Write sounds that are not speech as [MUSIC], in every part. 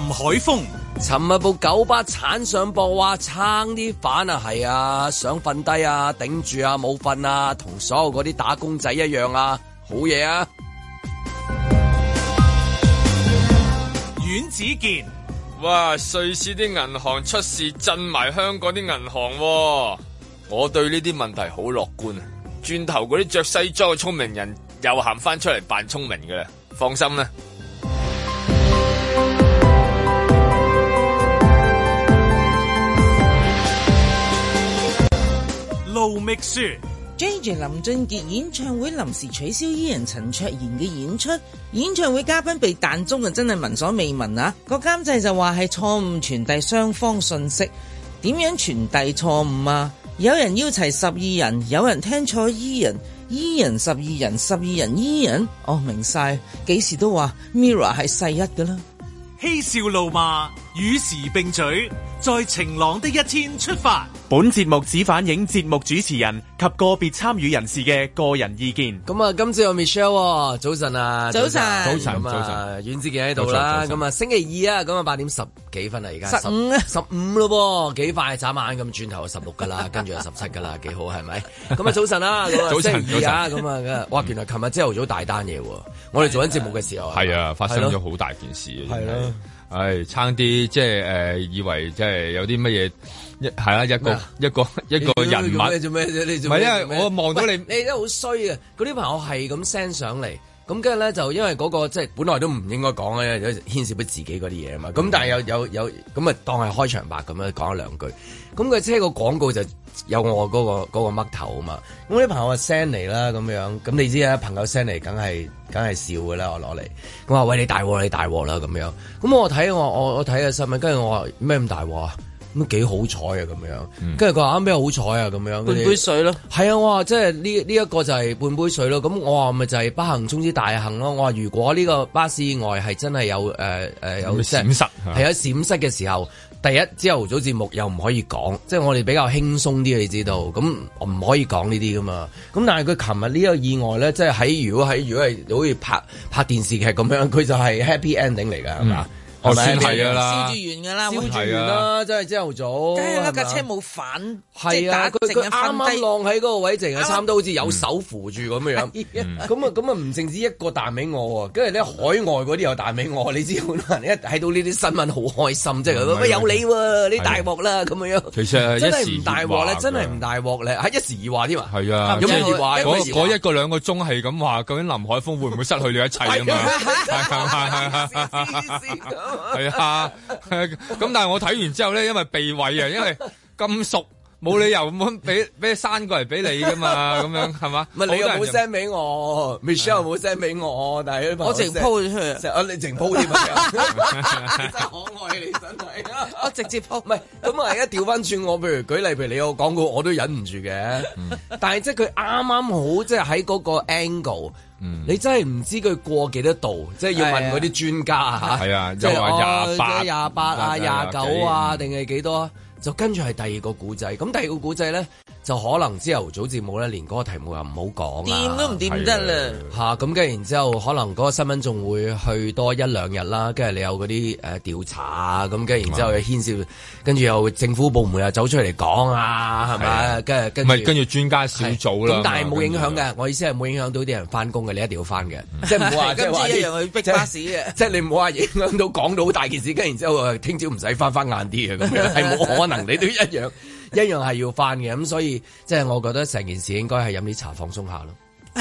林海峰，尋日部九巴鏟上博話撐啲反啊，係啊，想瞓低啊，頂住啊，冇瞓啊，同所有嗰啲打工仔一樣啊，好嘢啊！阮子健，哇，瑞士啲銀行出事震埋香港啲銀行，啊，我對呢啲問題好樂觀啊！轉頭嗰啲着西裝嘅聰明人又行翻出嚟扮聰明㗎啦，放心啦。 [MUSIC] JJ 林俊傑演唱會臨時取消，Ian，伊人陳卓賢嘅演出，演唱會嘉賓被彈中啊，真係聞所未聞啊！個監製就話係錯誤傳遞雙方信息，點樣傳遞錯誤啊？有人邀齊十二人，有人聽錯伊人 ,12 人，oh，伊人十二人，十二人伊人，我明晒，幾時都話 Mirror 係世一噶啦，嬉笑怒罵。與時並舉，在晴朗的一天出發。本節目只反映節目主持人及個別參與人士嘅個人意見。咁啊，今朝有 Michelle，早晨啊，早晨，早晨，啊，早晨。咁啊，阮子健喺度啦。咁啊，星期二啊，咁啊，八點十幾分啊，而家十五，十五咯，啊，幾、啊、快眨、啊、眼咁，轉頭就十六噶啦，跟 [LAUGHS] 住就十七噶啦，幾好係、啊、咪？咁 [LAUGHS] 啊，早晨啊，早晨，星期二啊，咁啊，哇，原來琴日朝頭早大單嘢，我哋做緊節目嘅時候，係啊，發生咗好大件事啊。係差啲，即係誒、呃，以為即係有啲乜嘢一係啦，一個一個一個人物，你做咩啫？你做咩？唔係因為我望到你，你真係好衰啊！嗰啲朋友係咁 send 上嚟。咁跟住咧就因為嗰個即係本來都唔應該講嘅，牽涉畀自己嗰啲嘢啊嘛。咁但係有有有咁啊，就當係開場白咁樣講咗兩句。咁佢即係個廣告就有我嗰個嗰個嘜頭啊嘛。咁啲朋友話 send 嚟啦咁樣。咁你知啊，朋友 send 嚟梗係梗係笑㗎啦。我攞嚟，咁我話喂，你大鑊你大鑊啦咁樣。咁我睇我我我睇個新聞，跟住我話咩咁大鑊啊？咁幾好，嗯、好彩啊！咁樣，跟住佢話啱啱好彩啊！咁樣，半杯水咯，係們啊！我話即係呢呢一個就係半杯水咯。咁我話咪就係不幸中之大幸咯。我話如果呢個巴士意外係真係有誒誒、呃、有閃失，係、啊、有閃失嘅時候，第一朝頭早節目又唔可以講，即、就、係、是、我哋比較輕鬆啲，你知道。咁我唔可以講呢啲噶嘛。咁但係佢琴日呢個意外咧，即係喺如果喺如果係好似拍拍電視劇咁樣，佢就係 happy ending 嚟噶，係嘛、嗯？我算係噶啦，燒住完噶啦，燒住完啦、啊啊，真係朝頭早。梗係啦，架車冇反，係啊，佢佢啱啱浪喺嗰個位置，靜啊，差唔多好似有手扶住咁樣樣。咁啊咁啊，唔、嗯、淨、嗯嗯、止一個彈俾我，跟住咧海外嗰啲又彈俾我，你知好難好多人。一睇到呢啲新聞，好開心，即係咁有你喎、啊，你大鑊啦咁樣。其實係一時大鑊咧，真係唔大鑊咧、啊，係、啊，一時話啲嘛。係啊，咁啊，嗰嗰、就是、一,一,一個兩個鐘係咁話，究竟林海峰會唔會失去你一切 [LAUGHS] 啊嘛？哈哈哈哈 [LAUGHS] 係 [LAUGHS] 啊，咁但係我睇完之後咧，因為被毀啊，因為咁熟。冇理由咁樣俾俾刪過嚟俾你噶嘛，咁 [LAUGHS] 樣係嘛？唔係你又冇 send 俾我 [LAUGHS] ，Michelle 又冇 send 俾我， [LAUGHS] 但係我直 po 咗你淨 po 啲朋友， [LAUGHS] 啊、 [LAUGHS] 真可愛你真係， [LAUGHS] 我直接 po 唔係咁啊！而家調翻轉我，譬 [LAUGHS] 如舉例，譬如你有講過，我都忍唔住嘅、嗯，但係即係佢啱啱好，即係喺嗰個 angle，、嗯、你真係唔知佢過幾多度，嗯、即係要問嗰啲專家吓，係、哎、啊，即係廿八、廿八啊、廿、就、九、是、啊，定係幾多？就跟住係第二個古仔，咁第二個古仔咧。就可能朝頭早節冇咧，連嗰個題目又唔好講，掂都唔掂得啦。吓咁，跟住然之後可能嗰個新聞仲會去多一兩日啦。跟住你有嗰啲誒調查啊，咁跟住然之後牽涉，跟住又政府部門又走出嚟講啊，係咪？跟住跟住跟住專家小組啦。咁但係冇影響嘅，我意思係冇影響到啲人翻工嘅，你一定要翻嘅，即係唔好話。跟住一樣去逼巴士嘅，即、嗯、係、就是、你唔好話影響到講到好大件事。跟住然之後聽朝唔使翻翻晏啲啊，咁樣係冇可能，你都一樣。一樣係要翻嘅，咁所以即係、就是、我覺得成件事應該係飲啲茶放鬆下咯。 [LAUGHS] 我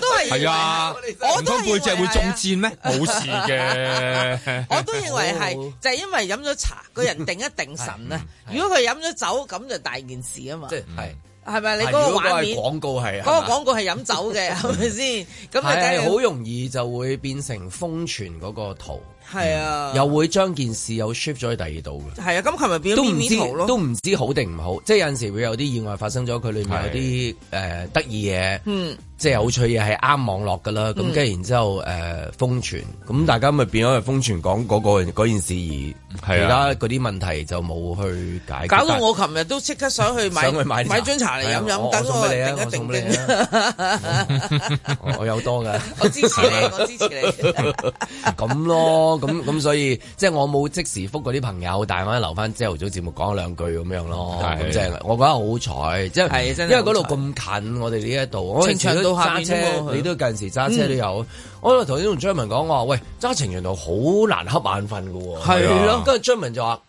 都係，係啊，我都背脊、啊、會中箭咩？冇 [LAUGHS] 事嘅，我都認為係，就係、是、因為飲咗茶，個人定一定神呢。 [LAUGHS] 如果佢飲咗酒，咁就大件事啊嘛。即係係，係咪？是是你嗰個，個廣廣告係，嗰、那個廣告係飲酒嘅，係咪先？咁咪梗係好容易就會變成瘋傳嗰個圖。係、嗯、啊，又會將件事又 shift 咗去第二度嘅。係啊，咁琴日變咗迷都唔知，都唔知好定唔好，即係有陣時會有啲意外發生咗。佢裏面有啲誒、啊呃、得意嘢、嗯，即係有趣嘢係啱網絡㗎啦。咁、嗯、跟然之後誒瘋、呃、傳，咁、嗯、大家咪變咗去瘋傳講嗰嗰件事而家，嗰啲問題就冇去解決。搞到、啊、我琴日都即刻想去買 [LAUGHS] 想去買買樽茶嚟飲飲，等我，我定一定我， [LAUGHS] [LAUGHS] 我，我有多㗎，我支， [LAUGHS] [LAUGHS] 我支持你，我支持你，咁咯。咁 [LAUGHS] 咁、嗯、所以即係我冇即時覆嗰啲朋友，但係我留翻朝頭早節目講兩句咁樣咯，咁即係，我覺得好彩，即係因為嗰度咁近，我哋呢一度，我以前揸車，車,車、嗯，你都近時揸車都有，我頭先同張文講我話，喂，揸程原來好難瞌眼瞓噶，係咯，跟住張文就話，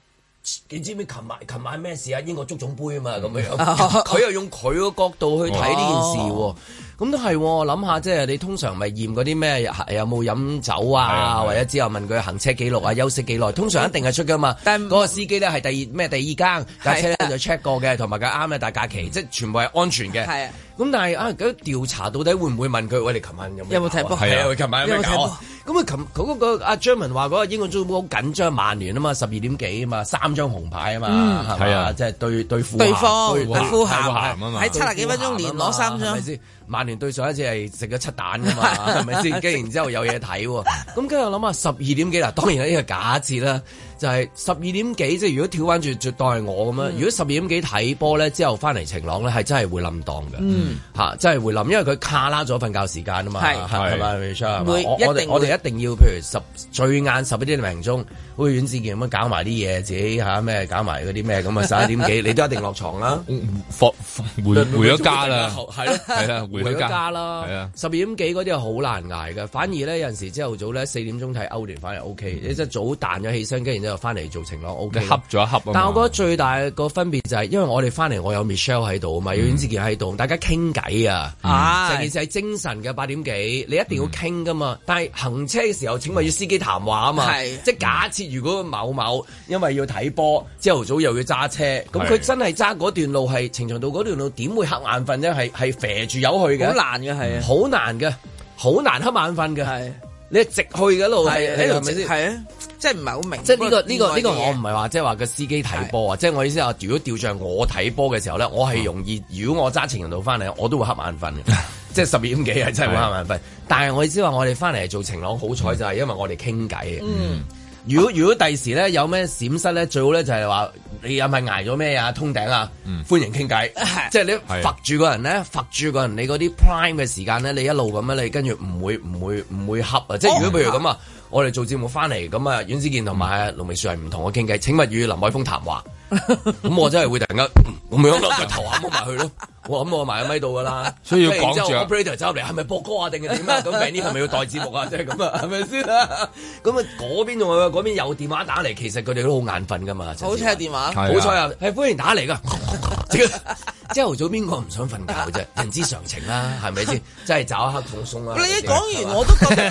你知唔知琴晚琴晚咩事啊？英國足總杯啊嘛，咁樣，佢 [LAUGHS] 又用佢個角度去睇呢、哦啊、件事喎。咁都係、哦，諗下即係你通常咪驗嗰啲咩？有冇飲酒啊，啊，啊？或者之後問佢行車記錄啊、休息幾耐？通常一定係出㗎嘛。但嗰、嗰個司機咧係第咩第二間駕車咧、啊、就 check 過嘅，同埋佢啱嘅，大假期、嗯、即係全部係安全嘅。係咁但係啊，嗰、啊嗰個、調查到底會唔會問佢？我哋琴晚有冇睇、啊、波？係啊，琴、啊、晚有冇睇波咁啊，琴嗰、嗰個阿張文話嗰個英冠組波好緊張，曼聯啊嘛，十二點幾啊嘛，三張紅牌啊嘛，嗯、啊，即、就、係、是、對對付對方喺七十幾分鐘連分攞三張先？曼聯對上一次係食咗七蛋噶嘛，係咪先？跟然之後有嘢睇、啊，咁跟住我諗下，十二點幾啦，當然呢個假設啦。就係十二點幾，即係如果跳翻轉，絕對係我咁樣。如果十二點幾睇波咧，之後翻嚟晴朗咧，係真係會冧檔嘅。嗯，吓真係會冧，因為佢卡拉咗瞓覺時間啊嘛。係係嘛，唔係嘛。我我哋我哋一定要，譬如十最晏十一點零鐘，好似阮志健咁樣搞埋啲嘢，自己吓咩搞埋嗰啲咩咁啊。 [LAUGHS] 十一點幾，你都一定落床啦，放 [LAUGHS] 回回咗家啦，係回咗家啦，十二點幾嗰啲係好難挨噶，反而咧有陣時朝頭早咧四點鐘睇歐聯，反而 OK。你即係早彈咗起身，跟住就翻嚟做情郎，O K，恰咗一恰。但係我覺得最大個分別就係、是，因為我哋翻嚟，我有 Michelle 喺度啊嘛，有尹志傑喺度，大家傾偈啊。啊、嗯，尤其是喺精神嘅八點幾，你一定要傾噶嘛。嗯、但係行車嘅時候，請問要司機談話啊嘛。係，即係假設如果某某因為要睇波，朝頭早又要揸車，咁佢真係揸嗰段路係長長到嗰段路，點會瞌眼瞓啫？係係斜住有去嘅，好難嘅係，好難嘅，好難瞌眼瞓嘅係，你一直去嘅路係咪先？係啊。即係唔係好明白？即係呢個呢個呢個，這個、我唔係話即係話個司機睇波啊！即係我意思話，如果調轉我睇波嘅時候咧，我係容易。如果我揸晴人道翻嚟，我都會瞌眼瞓嘅。 [LAUGHS] 即係十二點幾啊，真係會瞌眼瞓。但係我意思話，我哋翻嚟做晴朗，好彩就係因為我哋傾偈。如果如果第時咧有咩閃失咧，最好咧就係話你有冇挨咗咩啊？通頂啊？歡迎傾偈。即係你罰住個人咧，罰住個，個人，你嗰啲 prime 嘅時間咧，你一路咁樣，你跟住唔會唔會唔會瞌啊？哦、即係如果譬如咁啊。我哋做節目翻嚟咁啊，阮之健同埋盧明雪係唔同我傾偈，請勿與林海峰談話。咁我真係會突然間，嗯、我咪攞個頭嚇摸埋去咯。 [LAUGHS] 哦、我咁我埋喺咪度噶啦，所以要講住。之後我 Peter 走入嚟，係咪播歌啊定係點啊？咁明呢係咪要代節目啊？即係咁啊，係咪先？咁啊，嗰邊仲話，嗰邊有電話打嚟。其實佢哋都好眼瞓噶嘛。好彩電話，好彩啊！係歡迎打嚟噶。朝 [LAUGHS] 頭早邊個唔想瞓覺啫？ [LAUGHS] 人之常情啦、啊，係咪先？ [LAUGHS] 真係找一刻放鬆啦、啊。你一講完我都覺得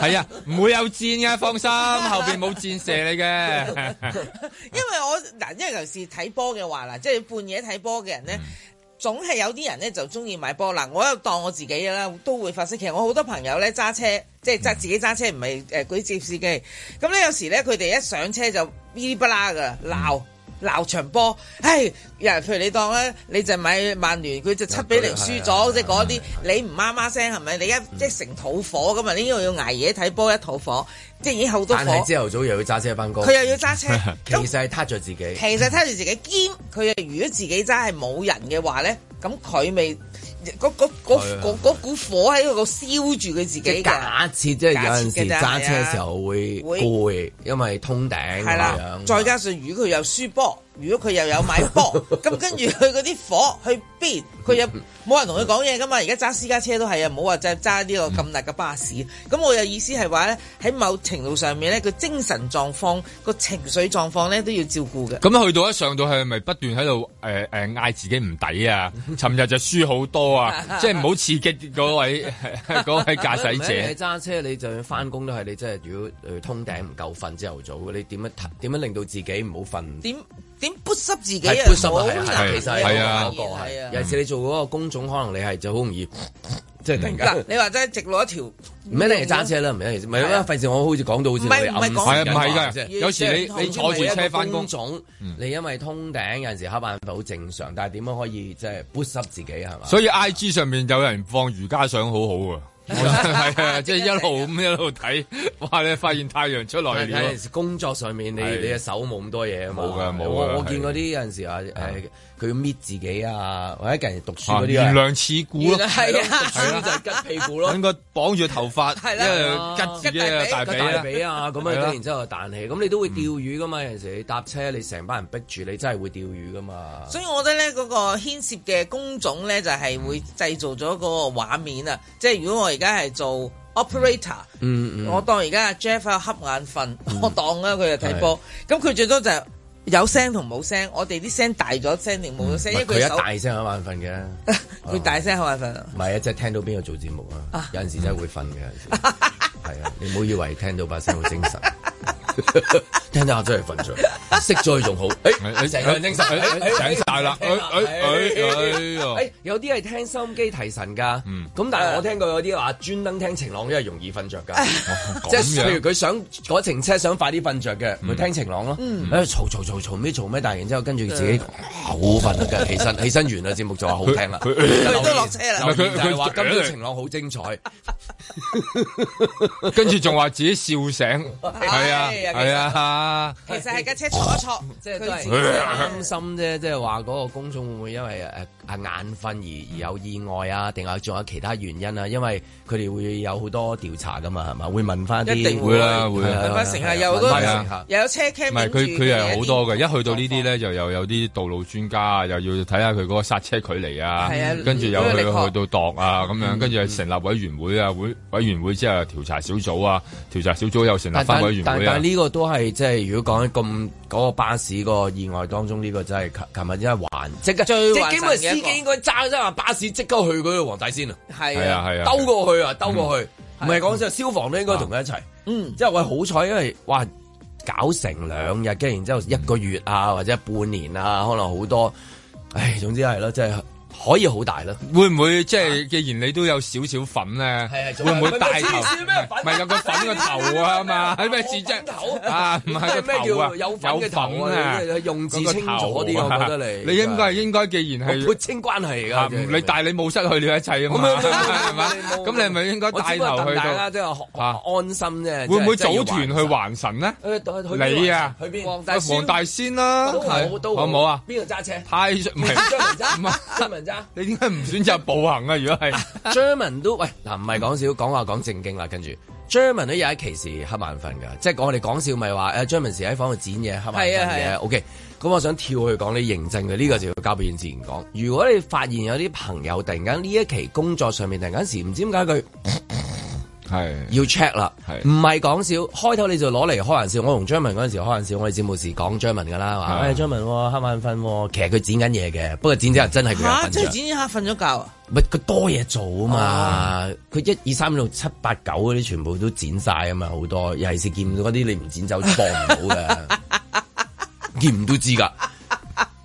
係 [LAUGHS] [LAUGHS] 啊，唔會有箭嘅，放心， [LAUGHS] 後邊冇箭射你嘅 [LAUGHS] [LAUGHS] 。因為我嗱，因為有時睇波嘅話嗱，即係半夜睇波嘅人咧。 [LAUGHS] 嗯總係有啲人咧就中意買波纜，我又當我自己啦，都會發生。其實我好多朋友咧揸車，即係揸自己揸車，唔係誒啲接司機。咁咧有時咧佢哋一上車就噼哩啪啦嘅鬧。鬧場波，唉、哎，有人譬如你當咧，你就買曼聯，佢就七比零輸咗，即係嗰啲你唔媽媽聲係咪？你一、嗯、即成肚火咁啊！呢個要捱夜睇波，一肚火，即已經好咗。但係朝頭早又要揸車翻工，佢又要揸車， [LAUGHS] 其實係拖住自己，其實拖住自己肩。佢如果自己真係冇人嘅話咧，咁佢未。嗰嗰嗰嗰股火喺度燒住佢自己，假設即係有陣時揸車嘅時候會攰，因為通頂，係啦、啊，再加上如果佢又輸波。如果佢又有買波，咁跟住佢嗰啲火去邊？佢又冇人同佢講嘢噶嘛？而家揸私家車都係啊，冇話係揸啲個咁大嘅巴士。咁、嗯、我嘅意思係話咧，喺某程度上面咧，佢精神狀況、個情緒狀況咧都要照顧嘅。咁去到一上到去，咪不斷喺度誒誒嗌自己唔抵啊！尋日就輸好多啊， [LAUGHS] 即係唔好刺激嗰位嗰 [LAUGHS] [LAUGHS] 位駕駛者。揸車你就翻工都係你真，真係如果通頂唔夠瞓，朝頭早你點樣點樣令到自己唔好瞓？點？點 push 濕自己啊！其實係啊，有陣時你做嗰個工種，可能你係就好容易，即係、啊、突然間。你話真係直落一條，唔一定係揸車啦，唔一定，唔係咩？費事我好似講到好似你暗係唔係嘅，有時你你坐住車翻工種、嗯，你因為通頂，有陣時黑眼頭好正常，但係點樣可以即係 push 濕自己係嘛？所以 I G 上面有人放瑜伽相，好好啊！係啊，即係一路咁一路睇，哇！你發現太陽出來了。工作上面，你你嘅手冇咁多嘢啊嘛。冇噶，冇。我我見嗰啲有陣時啊，誒。佢要搣自己啊，或者人哋讀書嗰啲啊，原、啊、諒刺股咯，係啦，最緊就係吉屁股咯，應該綁住頭髮，係啦吉大髀啊，咁啊，然之後彈起，咁你都會釣魚噶嘛，嗯、有陣時你搭車你成班人逼住你，真係會釣魚噶嘛。所以我覺得咧，嗰、那個牽涉嘅工種咧，就係、是、會製造咗嗰個畫面啊。即係如果我而家係做 operator，我當而家 Jeff 啊瞌眼瞓，我當啦佢就睇波，咁、嗯、佢最多就係。有聲同冇聲，我哋啲聲大咗聲定冇咗聲。嗯、因為佢一大聲好眼瞓嘅，佢 [LAUGHS] 大聲好眼瞓。唔係啊，即、就、係、是、聽到邊個做節目啊，有陣時真係會瞓嘅。有陣時、係、嗯、啊， [LAUGHS] 你唔好以為聽到把聲好精神。 [LAUGHS] [LAUGHS] 聽一下我真係瞓著，識咗佢仲好。誒、哎，你成日，你、哎哎、醒晒啦，誒、哎哎哎哎哎哎哎哎、有啲係聽心機提神噶，咁、嗯、但係我聽過有啲話專登聽晴朗，因為容易瞓着噶，即、哦、係譬如佢想嗰程車想快啲瞓着嘅，佢聽晴朗咯。嘈嘈嘈嘈咩嘈咩，但係然之後跟住自己好瞓噶，起身起身完啦，節目就話好聽啦，都落車啦，佢佢話今日晴朗好精彩，跟住仲話自己笑醒，係啊係啊。啊，其實係架車坐一坐，即係佢擔心啫，即係話嗰個公眾會唔會因為誒啊眼瞓而而有意外啊，定係仲有其他原因啊？因為佢哋會有好多調查噶嘛，係嘛？會問翻啲，一定會啦、啊，會成、啊、日、啊啊、有都、啊、有車 cam 唔係佢佢係好多嘅，一去到呢啲咧，就又有啲道路專家啊，又要睇下佢嗰個剎車距離啊、嗯，跟住又去，去到度啊咁樣，跟住成立委員會啊，委、嗯、委員會之後調查小組啊，調查小組又成立翻委員會但呢個都係即係。如果講緊嗰個巴士個意外當中呢、這個、就是、真係琴琴日真係還即刻，最驚司機應該揸，即係話巴士即刻去嗰度，黃大仙啊，係啊係啊兜過去啊兜過去，唔係講即係消防都應該同佢一齊，嗯即係我好彩，因為哇搞成兩日，跟住然之後一個月啊或者半年啊可能好多，唉總之係、就、咯、是、即係。可以好大啦，會唔會即係既然你都有少少粉咧？係、啊、會唔會帶頭？唔係有個粉個頭啊嘛？係咩字啫？頭啊，咩、啊啊、叫有粉嘅頭咧、啊？用字清楚啲、個頭啊，我覺得你你應該、啊、應該，既然係血親關係、啊啊、你但你冇失去了一切啊嘛？啊啊你你嘛？咁、啊、你係咪應該帶頭去到？啊、安心啫，會唔會組團去還神咧、啊？你啊，去黃大仙啦，好唔好啊？邊度揸車太咪唔係.你點解唔選擇步行啊？如果係，Jermyn [LAUGHS] 都喂嗱，唔係講笑，講話講正經啦。跟住 Jermyn 都有一期時黑眼瞓噶，即係我哋講笑咪話誒，Jermyn 時喺房度剪嘢，係咪？係啊係。OK，咁我想跳去講你認真嘅，呢、這個就要交俾主自然講。如果你發現有啲朋友突然間呢一期工作上面突然間時唔知點解佢。係要 check 啦，唔係講笑，開頭你就攞嚟開玩笑。我同張文嗰陣時開玩笑，我哋節目時講張文噶啦，話誒張文黑眼瞓、哦，其實佢剪緊嘢嘅，不過剪咗又真係佢吓，即係剪一刻瞓咗覺啊！唔係佢多嘢做啊嘛，佢一二三六七八九嗰啲全部都剪晒啊嘛，好多尤其係見到嗰啲，你唔剪走 [LAUGHS] 都放唔到嘅，唔到知噶。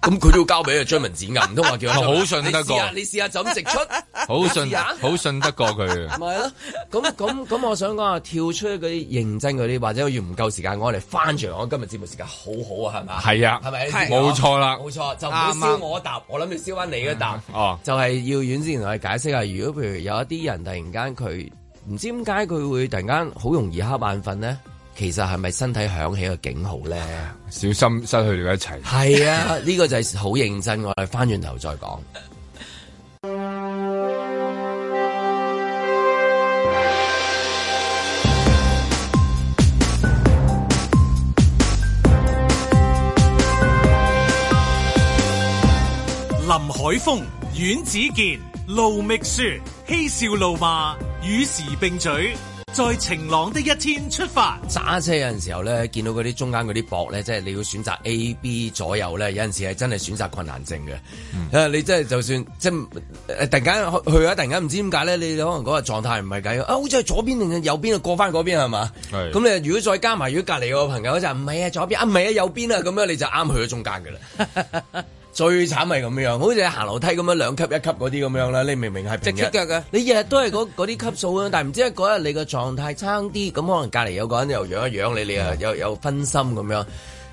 咁佢都要交俾阿張文展㗎，唔通話叫好信得過？你試下，你試下就咁直出，好信，好信得過佢。咪 [LAUGHS] 咯，咁咁咁，我想講話跳出嗰啲認真嗰啲，或者要唔夠時間，我嚟翻轉我今日節目時間好好啊，係咪？係啊，係咪？冇錯啦，冇錯，就唔、是、燒我答，我諗住燒翻你嗰答。哦，就係要遠之前同佢解釋下，如果譬如有一啲人突然間佢唔知點解佢會突然間好容易瞌眼瞓咧。其實係咪身體響起個警號咧？小心失去了一切。係啊，呢 [LAUGHS] 個就係好認真。我哋翻轉頭再講 [MUSIC] 林海峰、阮子健、盧覓雪、嬉笑怒罵，與時並嘴。在晴朗的一天出發，揸車有陣時候咧，見到嗰啲中間嗰啲駁咧，即係你要選擇 A、B 左右咧，有陣時係真係選擇困難症嘅。誒、嗯，uh, 你即係就算即係突然間去啊，突然間唔知點解咧，你可能嗰個狀態唔係計啊，好似係左邊定右邊啊，過翻去嗰邊係嘛？咁你如果再加埋，如果隔籬個朋友就唔係啊，左邊啊，唔係啊，右邊啊，咁樣你就啱去咗中間噶啦。 [LAUGHS] 最慘係咁樣，好似行樓梯咁樣兩級一級嗰啲咁樣啦。你明唔明係？直隻腳㗎，你日日都係嗰啲級數啊，但係唔知嗰日你個狀態差啲，咁可能隔離有個人又樣一樣，你你又有有分心咁樣，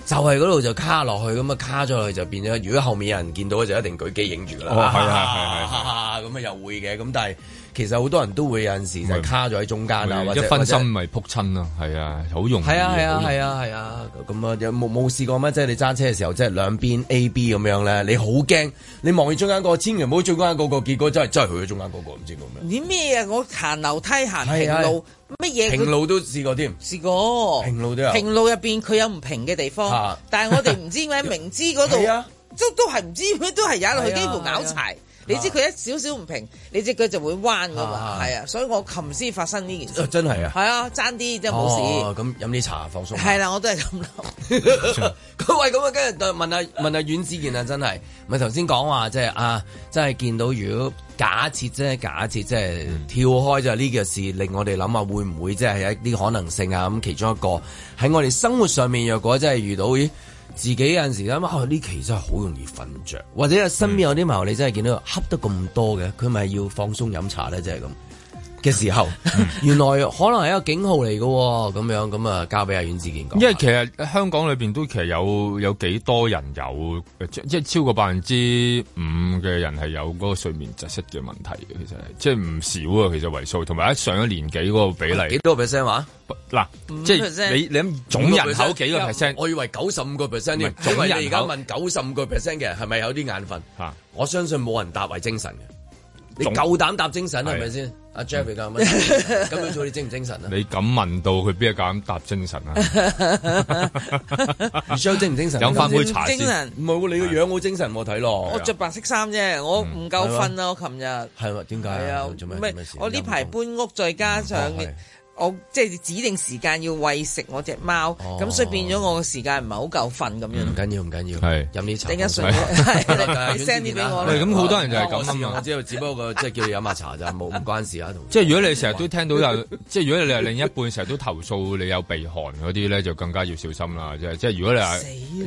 就係嗰度就卡落去，咁啊卡咗落去就變咗。如果後面有人見到就一定舉機影住㗎啦。哦，係啊係咁啊，係係係啊又會嘅，咁但係。其實好多人都會有陣時就卡咗喺中間啊或者，或者一分心咪扑親咯。係、就是、啊，好容易。係啊係啊係啊係啊，咁啊有冇冇試過咩？即、就、係、是、你揸車嘅時候，即係兩邊 A、B 咁樣咧，你好驚，你望住中間、那個，千祈唔好做中間嗰、那個，結果真係真係去咗中間嗰、那個，唔知咁樣你咩啊？我行樓梯行平路，乜嘢、啊啊？平路都試過添，試過。平路都有。平路入邊佢有唔平嘅地方，啊、但係我哋唔知點解， [LAUGHS] 明知嗰度都都係唔知，都係踩落去、啊，幾乎拗柴。你知佢一少少唔平，啊、你隻腳就會彎噶嘛，係啊，所以我琴先發生呢件事。真係啊，係啊，爭啲真係冇事。咁飲啲茶放鬆。係啦，我都係咁諗。喂，咁啊,今日問下問下阮子健啊，真係咪頭先講話即係啊，真係見到如果假設真係，假設即係跳開就係呢件事，令我哋諗下會唔會即係一啲可能性啊？咁其中一個喺我哋生活上面，若果真係遇到自己有陣時咧，哇、啊！呢期真係好容易瞓着，或者身邊有啲朋友，嗯、你真係見到瞌得咁多嘅，佢咪要放鬆飲茶咧，即係咁。嘅時候、嗯，原來可能係一個警號嚟嘅咁樣，咁啊交俾阿阮志健講。因為其實香港裏邊都其實有有幾多人有，即係超過百分之五嘅人係有嗰個睡眠窒息嘅問題嘅，其實即係唔少啊。其實為數，同埋上咗年紀嗰個比例，幾多個 percent 話？嗱、啊，即係你你諗總人口幾個 percent？我以為九十五個 percent，因為你而家問九十五個 percent 嘅係咪有啲眼瞓？吓、啊，我相信冇人答為精神嘅。你夠膽答精神係咪先？阿 Jeffy 咁問，咁樣、嗯、 [LAUGHS] 做你精唔精神啊？你敢問到佢邊個夠膽答精神啊？唔 [LAUGHS] 想精唔精神？飲 [LAUGHS] 翻杯茶先。精神唔係喎，你個樣好精神冇睇落。我着白色衫啫，我唔夠瞓啊！我琴日係嘛？點解啊？做咩？唔係我呢排、啊啊、搬屋，再加上、嗯。啊我即係指定時間要餵食我隻貓，咁、哦、所以變咗我嘅時間唔係好夠瞓咁、嗯、樣。唔緊要，唔緊要，係飲啲茶。信我，你 send 啲俾我。係咁，好多人就係咁我之後，只不過個即係叫你飲下茶咋，冇唔關事啊。 [LAUGHS] 同即係如果你成日都聽到有， [LAUGHS] 即係如果你係另一半成日都投訴你有鼻鼾嗰啲咧，就更加要小心啦。即係即係如果你係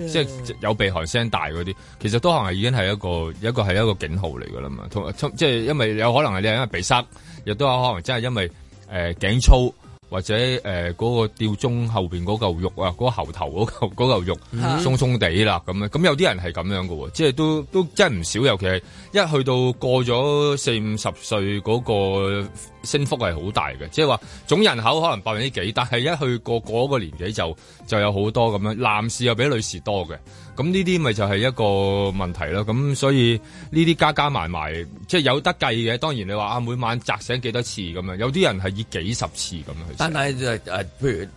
[LAUGHS] 即係有鼻鼾聲大啲，其實都可能已經係一個一個係一個警號嚟噶啦嘛。同即係因為有可能係你係因為鼻塞，亦都可能真係因為。誒頸粗或者誒嗰，呃嗰個吊鐘後面嗰嚿肉啊，嗰、嗰、喉、個、頭嗰嚿嗰嚿肉鬆鬆地啦咁，咁有啲人係咁樣嘅喎，即係都都真係唔少，尤其係一去到過咗四五十歲嗰，嗰個。升幅係好大嘅，即係話總人口可能百分之幾，但係一去過嗰個年紀就就有好多咁樣，男士又比女士多嘅，咁呢啲咪就係一個問題咯。咁所以呢啲加加埋埋，即係有得計嘅。當然你話啊，每晚擲醒幾多次咁樣，有啲人係以幾十次咁樣去。但係誒，譬如。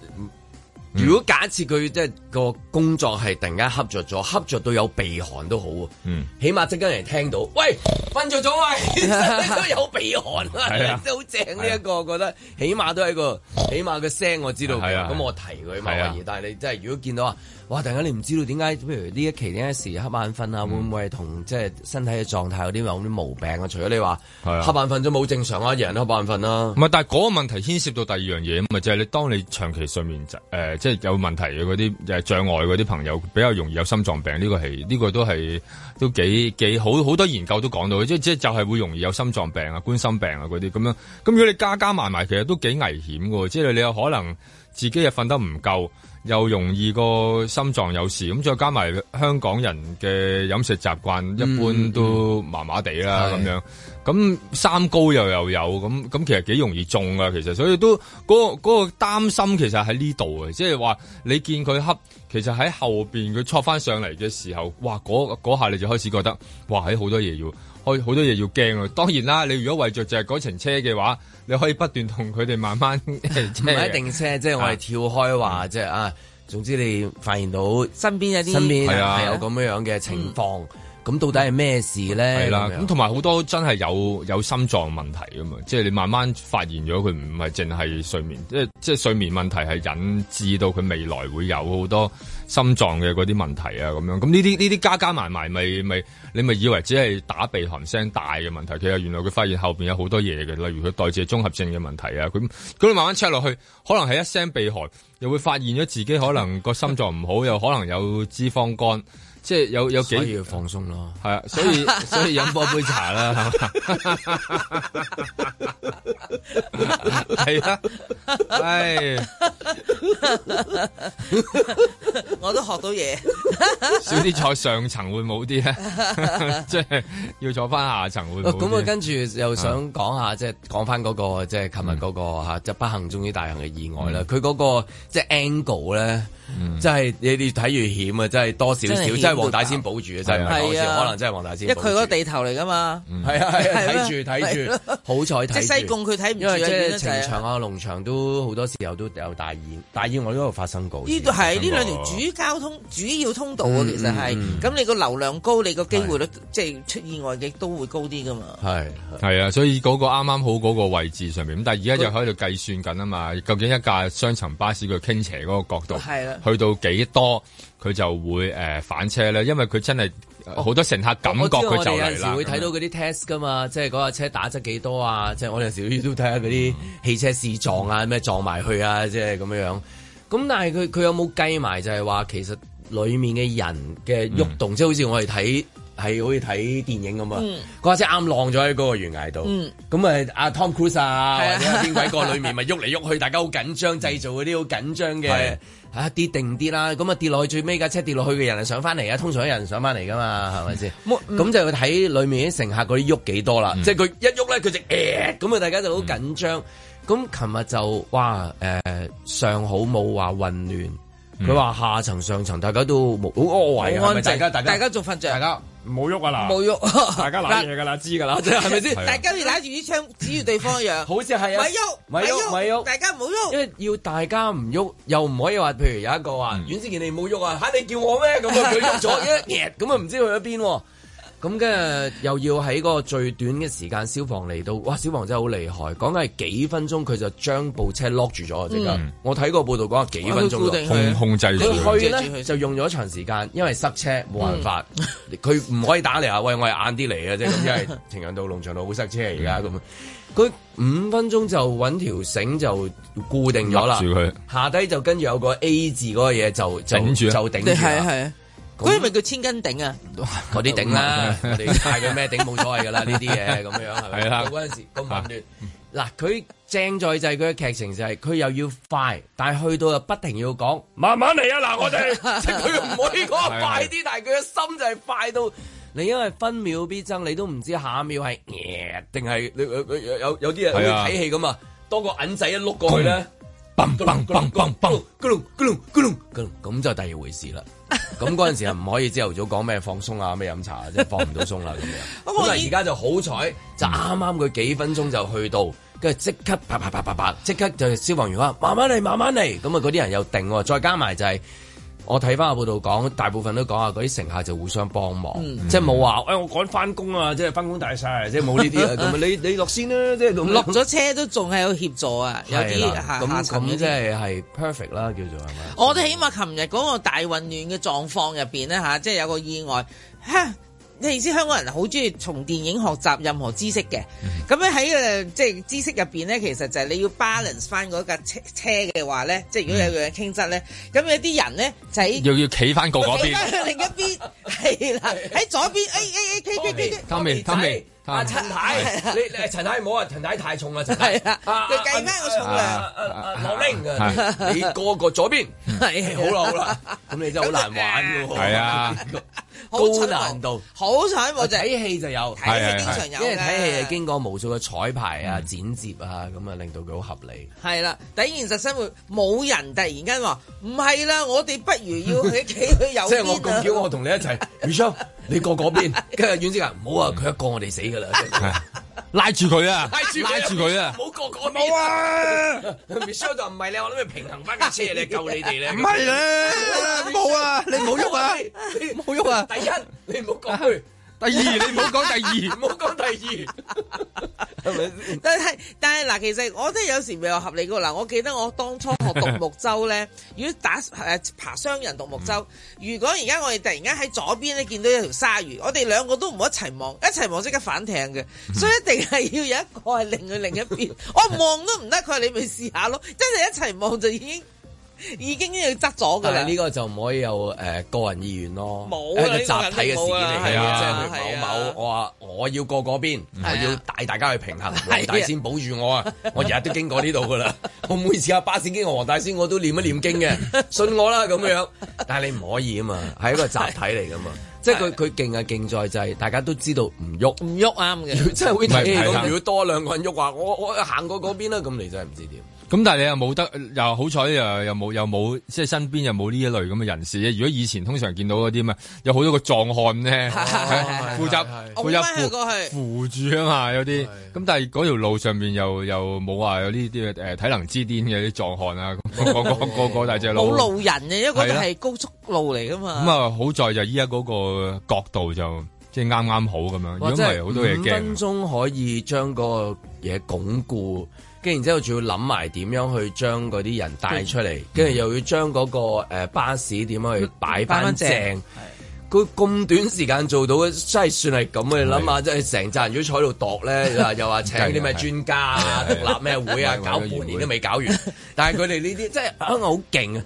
嗯、如果假設佢即係個工作係突然間恰着咗，恰着到有鼻鼾都好喎，嗯，起碼即刻人聽到，喂，瞓着咗，喂， [LAUGHS] [LAUGHS] 都有鼻鼾啦，真係好正呢一個，啊、我覺得起碼都係一個，起碼個聲我知道，咁、啊啊、我提佢冇乜嘢，但係你真係如果見到啊。哇！突然間你唔知道點解，譬如呢一期呢一時瞌眼瞓啊，嗯、會唔會係同即係身體嘅狀態有啲有啲毛病啊？除咗你話瞌、啊、眼瞓就冇正常啊，人人都瞌眼瞓啦。唔係，但係嗰個問題牽涉到第二樣嘢，咪就係、係、你當你長期睡眠、呃、就誒，即係有問題嘅嗰啲障礙嗰啲朋友比較容易有心臟病。呢、呢個係呢、呢個都係都幾幾好好多研究都講到，即即係就係、係、會容易有心臟病啊、冠心病啊嗰啲咁樣。咁如果你加加埋埋，其實都幾危險嘅，即、就、係、係、你有可能自己又瞓得唔夠。又容易個心臟有事，咁再加埋香港人嘅飲食習慣，嗯、一般都麻麻地啦咁樣，咁、嗯、三高又又有，咁咁其實幾容易中噶。其實所以都嗰、嗰個嗰個擔心其實喺呢度啊，即係話你見佢黑，其實喺後邊佢趲翻上嚟嘅時候，哇嗰嗰下你就開始覺得，哇喺好多嘢要。可以好多嘢要驚啊，當然啦，你如果為着就係嗰程車嘅話，你可以不斷同佢哋慢慢唔一定車係、啊、我哋跳開話即啫啊。總之你發現到身邊有啲，身邊係有咁樣樣嘅情況。啊嗯咁到底係咩事咧？係啦，咁同埋好多真係有有心臟問題㗎嘛，即係你慢慢發現咗佢唔係淨係睡眠，即即係睡眠問題係引致到佢未來會有好多心臟嘅嗰啲問題啊咁樣。咁呢啲呢啲加加埋埋，咪咪你咪以為只係打鼻鼾聲大嘅問題，其實原來佢發現後邊有好多嘢嘅，例如佢代謝綜合症嘅問題啊，咁佢慢慢 check 落去，可能係一聲鼻鼾，又會發現咗自己可能個心臟唔好， [LAUGHS] 又可能有脂肪肝。即係有有幾要放鬆咯，係啊，所以所以飲多杯茶啦，係 [LAUGHS] 是吧 [LAUGHS] 啊，唉、哎， [LAUGHS] 我都學到嘢，少 [LAUGHS] 啲坐上層會冇啲咧，即 [LAUGHS] 係要坐翻下層會，會好啲。咁啊跟住又想講下，即係講翻個，即係琴日個吓，嚇、嗯，即、啊、係、就是、不幸中於大幸嘅意外啦。佢、嗯那個即係、就是、angle 咧，即、嗯、係你你睇越險啊，即係多少少即係。黃大仙保住嘅真係、啊，可能真係黃大仙、啊。因為佢個地頭嚟㗎嘛，係、嗯、啊，係啊。睇住睇住，好彩睇住。即西貢佢睇唔住，即城牆啊，農場都好多時候都有大意。大意我都發有發生過。呢個係呢兩條主交通、嗯、主要通道啊，其實係。咁、嗯、你個流量高，你個機會率即係、啊就是、出意外嘅都會高啲㗎嘛。係係啊，啊，所以嗰個啱啱好嗰個位置上面。咁但係而家就喺度計算緊啊嘛，究竟一架雙層巴士佢傾斜嗰個角度係啦、啊，去到幾多？佢就會誒、呃、反車咧，因為佢真係好多乘客感覺佢就嚟啦。我，我有時會睇到嗰啲 test 噶嘛，即係嗰架車打側幾多啊？即係我有時都睇下嗰啲汽車試撞啊，咩、嗯、撞埋去啊，即係咁樣樣。咁但係佢佢有冇計埋就係話，其實裡面嘅人嘅喐動，動，嗯、即係好似我哋睇係好似睇電影咁啊。嗰、嗯、架車啱浪咗喺嗰個懸崖度，咁咪阿 Tom Cruise 啊，啊或者邊個裡面咪喐嚟喐去，大家好緊張，製造嗰啲好緊張嘅。啊跌定跌啦、啊，咁啊跌落去，最尾架車跌落去嘅人上翻嚟啊，通常有人上翻嚟㗎嘛，係咪先？咁、嗯、就要睇裏面啲乘客嗰啲喐幾多啦，即係佢一喐咧，佢就誒、呃，咁啊大家就好緊張。咁琴日就哇誒、呃、上好冇話混亂，佢、嗯、話下層上層，上層大家都冇好、哦、安靜，是是大家大家大家仲瞓著。大家唔好喐啊！嗱，唔好喐，大家攔嘢噶啦，知噶啦，係咪先？ [LAUGHS] 大家要攔住啲槍指住對方一樣， [LAUGHS] 好似係啊，咪喐，咪喐，咪喐，大家唔好喐。因為要大家唔喐，又唔可以話，譬如有一個話，阮子健你唔好喐啊？嚇、啊、你叫我咩？咁 [LAUGHS] 啊佢喐咗一曳，咁啊唔知去咗邊喎。咁跟住又要喺嗰個最短嘅時間，消防嚟到，哇！消防真係好厲害，講緊係幾分鐘佢就將部車 lock 住咗即、嗯、我睇個報道講啊，幾分鐘控制住佢就用咗長時間，因為塞車冇辦法，佢、嗯、唔可以打嚟啊！ [LAUGHS] 喂，我係晏啲嚟嘅啫，因為情人道、農場路好塞車而家咁，佢、嗯、五分鐘就揾條繩就固定咗啦，下低就跟住有個 A 字嗰個嘢就就就頂住，係啊係啊。嗰啲咪叫千斤頂啊！嗰啲頂啦，我哋派咗咩頂冇所謂噶啦，呢啲嘢，咁樣係咪？係啦，嗰陣時咁混亂。嗱，佢正在就係佢嘅劇情就係佢又要快，但係去到又不停要講，慢慢嚟啊！嗱，我哋即係佢唔可以講快啲，但係佢嘅心就係快到你，因為分秒必爭，你都唔知下一秒係誒定係你有有有有啲人去睇戲咁啊，多個銀仔一碌過去咧，嘣嘣嘣嘣嘣，咕隆咕隆咕隆，咁咁就第二回事啦。咁嗰陣時係唔可以朝頭早講咩放鬆啊，咩飲茶啊，即係放唔到鬆啦咁樣。咁我而家就好彩，就啱啱佢幾分鐘就去到，跟住即刻啪啪啪啪啪，即刻就消防員話慢慢嚟，慢慢嚟。咁啊，嗰啲人又定，再加埋就係、是。我睇翻個報道講，大部分都講下嗰啲乘客就互相幫忙，嗯、即係冇話，誒、哎、我趕翻工啊，即係翻工大晒，即係冇呢啲啊。咁你你落先啦，即係落咗車都仲係有協助啊，有啲吓吓。咁咁即係係 perfect 啦，叫做係咪？我哋起碼琴日嗰個大混亂嘅狀況入面咧、啊、即係有個意外。你意思香港人好中意從電影學習任何知識嘅，咁咧喺誒即係知識入邊咧，其實就係你要 balance 翻嗰架車嘅話咧、嗯，即係如果有樣傾側咧，咁有啲人咧就係、要又要企翻過嗰邊，去另一邊，係 [LAUGHS] 啦是的，喺 [LAUGHS] 左邊 A A A K B B，睇未睇未？ [LAUGHS] 哎哎阿、啊、陳太，你陳太唔好啊，陳太太重啊陳太。你計咩我重量？我拎啊，啊，啊，啊，啊你，你過過左邊、 [LAUGHS] 啊啊，好啦好啦。咁你真係好難玩嘅，係啊，高難度。好彩我睇戲就有，係經常有，睇戲係經過無數嘅彩排啊，啊、剪接啊，咁啊令到佢好合理。係啦、啊，喺現實生活冇人突然間話唔係啦，我哋不如要喺企喺右邊啊。即 [LAUGHS] 係我叫，我同你一齊。如 [LAUGHS] 生你過嗰邊，跟住唔好話佢一個，我哋死。拉 [LAUGHS] 住佢啊！拉住佢啊！唔好個冇啊 Michelle 就唔係你，我諗要平衡翻架車咧，你救你哋咧。唔係咧，冇啊！你唔好喐啊！你唔好喐啊！第一，你唔好講。啊二第二，你唔好講第二，唔好講第二，係咪？但係但係嗱，其實我真有時未有合理噶嗱。我記得我當初學獨木舟咧、 [LAUGHS] 嗯，如果打誒爬雙人獨木舟，如果而家我哋突然間喺左邊咧見到一條鯊魚，我哋兩個都唔好一齊望，一齊望即刻反艇嘅， [LAUGHS] 所以一定係要有一個係另去另一邊。 [LAUGHS] 我望都唔得，佢 [LAUGHS] 話你咪試下咯，真係一齊望就已經。已經要執咗㗎喇，呢個就唔可以有誒、呃、個人意願咯。冇、啊，係一個集體嘅事件嚟嘅、這個啊啊啊。即係某某，啊、我話我要過嗰邊、啊，我要帶大家去平衡黃、啊、大仙保住我啊！我日日都經過呢度噶啦， [LAUGHS] 我每次阿巴士經過黃大仙，我都念一念經嘅、嗯，信我啦咁樣。 [LAUGHS] 但係你唔可以啊嘛，係一個集體嚟噶嘛。啊、即係佢佢勁啊勁在就係、是、大家都知道唔喐唔喐啱嘅，真係會睇。如果多兩個人喐話，我我行過嗰邊啦，咁、啊、你真係唔知點。咁但係你又冇得，又好彩又又冇又冇，即係身邊又冇呢一類咁嘅人士。如果以前通常見到嗰啲，哦、 [LAUGHS] 嘛，有好多個壯漢咧，負責負責扶住啊嘛，有啲。咁但係嗰條路上面又又冇話有呢啲誒體能之巔嘅啲壯漢啊，個個個大隻佬冇路人嘅，因為係高速路嚟噶嘛。咁啊，好、啊、嗯、在就依家嗰個角度就即係啱啱好咁樣，或者五分鐘可以將嗰個嘢鞏固。跟然之後仲要諗埋點樣去將嗰啲人帶出嚟，跟、嗯、住又要將嗰、那個、呃、巴士點樣去擺返正。佢咁短時間做到，真、嗯、係算係咁啊！你諗下，即係成扎人如果坐喺度度咧， [LAUGHS] 又話請啲咩專家啊， [LAUGHS] 獨立咩會啊， [LAUGHS] 搞半年都未搞完。 [LAUGHS] 但係佢哋呢啲即係香港好勁啊！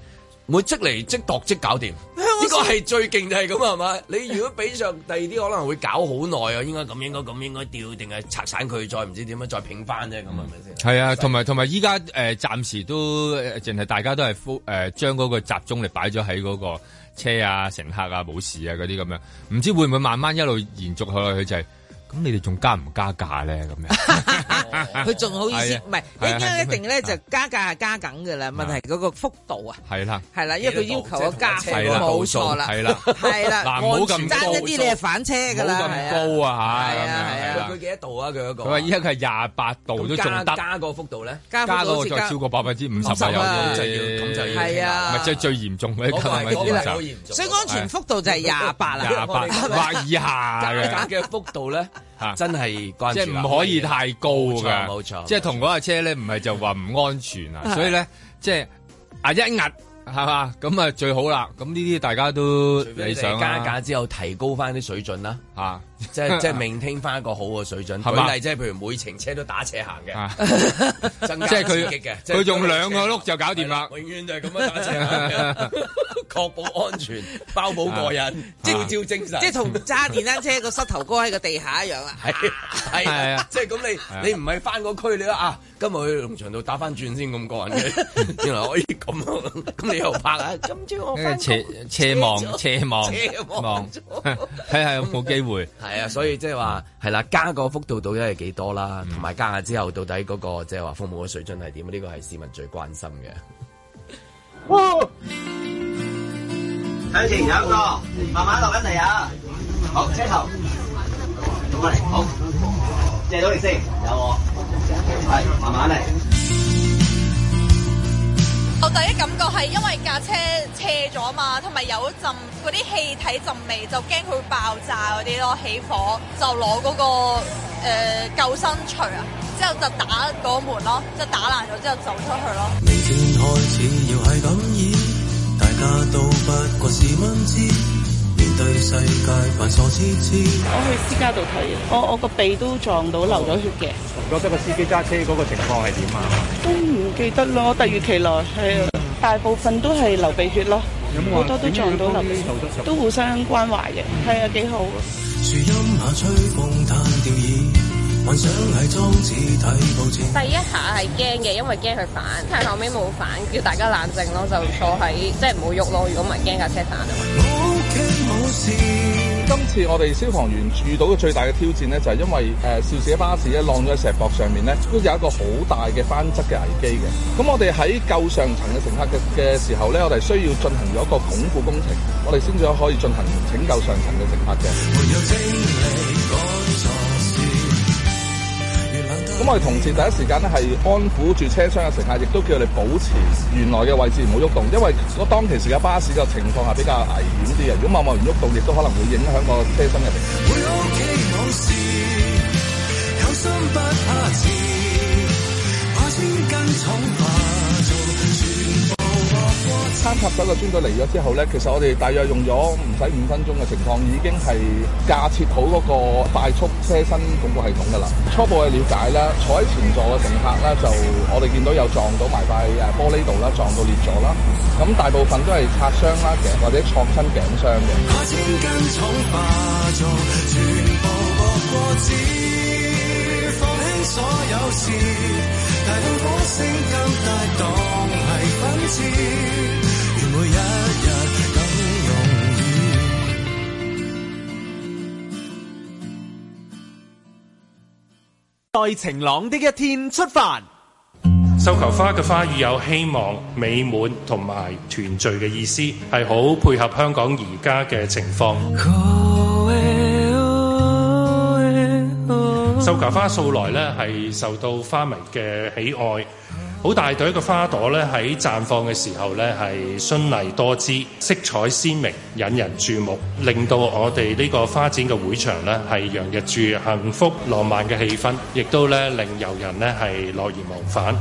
會即嚟即度即搞掂，呢 [LAUGHS] 個係最勁就係咁啊嘛！你如果畀上第二啲， [LAUGHS] 可能會搞好耐、嗯、啊。應該咁，應該咁，應該掉定係拆散佢，再唔知點樣再拼翻啫。咁係咪先？係啊，同埋同埋，依家誒暫時都淨係大家都係誒、呃、將嗰個集中力擺咗喺嗰個車啊、乘客啊、冇事啊嗰啲咁樣，唔知會唔會慢慢一路延續落去就係、是。咁你哋仲加唔加價咧？咁樣佢仲好意思唔係？依家、啊啊、一定咧、啊、就加價係加緊㗎啦、啊。問題嗰個幅度啊，係啦、啊，係啦、啊，因為佢要求個加幅冇、啊、錯啦，係啦、啊，係啦，唔好咁爭一啲，你係反車㗎啦，係啊，係啊，佢幾、啊啊啊啊啊啊啊啊、多度啊？佢嗰、嗰個佢依家佢係廿八度都仲加加個幅度咧，加個就超過百分之五十啊！啊啊就要係啊，唔係即係最嚴重嘅，所以安全幅度就係廿八啦，廿八以下嘅幅度咧。吓、啊，真係即係唔可以太高噶，冇錯，即係同嗰架車咧，唔係就話唔安全啊，所以咧，即係啊一壓係嘛，咁啊最好啦，咁呢啲大家都理想啦、啊。加價之後提高翻啲水準啦，吓、啊，即係即係聆聽翻一個好嘅水準，係、啊、咪？即係譬如每程車都打斜行嘅，即係刺激嘅，佢、就是就是、用兩個轆就搞掂啦，永遠就係咁樣打斜。啊啊 [LAUGHS] 確保，保安全，包保過癮、啊，朝朝正常、啊，即係同揸電單車個膝頭哥喺個地下一樣 [LAUGHS] 係啊！係係啊！即係咁，你 [LAUGHS] 你唔係翻個區你啦啊！今日去農場度打翻轉先咁過癮嘅， [LAUGHS] 原來可以咁咁、啊、你又拍了、嗯、啊？今朝我車車望車望望錯，係係冇機會。係啊，所以即係話係啦，加個幅度到底係幾多啦？同、嗯、埋加下之後，到底嗰、那個即係話服務嘅水準係點？呢、這個係市民最關心嘅。嗯向前有一個，慢慢落緊嚟啊！好，車頭，過嚟，好，借到你先，有我，係，慢慢嚟。我第一感覺係因為架車斜咗嘛，同埋有陣嗰啲氣體陣味，就驚佢爆炸嗰啲咯，起火就攞嗰、個、呃、救生錘啊，之後就打嗰門咯，即係打爛咗之後走出去咯。你先開始要係咁演。對世界我去私家度睇我我個鼻都撞到流咗血嘅、嗯。覺得個司機揸車嗰個情況係點啊？都唔記得咯，突如其來係、嗯，大部分都係流鼻血咯，好、嗯、多都撞到流鼻血，嗯、都互相關懷嘅，係啊，幾好啊。幻想睇第一下係驚嘅，因為驚佢反，但係後尾冇反，叫大家冷靜咯，就坐喺即係唔好喐咯。如果唔係驚架車散咗。今次我哋消防員遇到嘅最大嘅挑戰咧，就係、是、因為誒肇事嘅巴士咧晾咗喺石壆上面咧，都有一個好大嘅翻側嘅危機嘅。咁我哋喺救上層嘅乘客嘅嘅時候咧，我哋需要進行咗一個鞏固工程，我哋先至可以進行拯救上層嘅乘客嘅。咁我哋同時第一時間咧係安撫住車廂嘅乘客，亦都叫佢哋保持原來嘅位置唔好喐動，因為個當其時嘅巴士嘅情況係比較危險啲嘅。如果貿貿然喐動，亦都可能會影響個車身入冇事，會 okay，不怕千斤。三插手嘅專隊嚟咗之後咧，其實我哋大約用咗唔使五分鐘嘅情況，已經係架設好嗰個快速車身鞏固系統噶啦。初步嘅了解啦，坐喺前座嘅乘客咧，就我哋見到有撞到埋塊誒玻璃度啦，撞到裂咗啦。咁大部分都係擦傷啦，或者挫身頸傷嘅。啊在晴朗的一天出發。繡球花嘅花語有希望、美滿同埋團聚嘅意思，係好配合香港而家嘅情況。繡球花素來呢係受到花迷嘅喜愛。好大朵嘅花朵咧，喺綻放嘅時候咧，係絢麗多姿，色彩鮮明，引人注目，令到我哋呢個花展嘅會場咧，係洋溢住幸福浪漫嘅氣氛，亦都咧令遊人咧係樂而忘返。 [LAUGHS]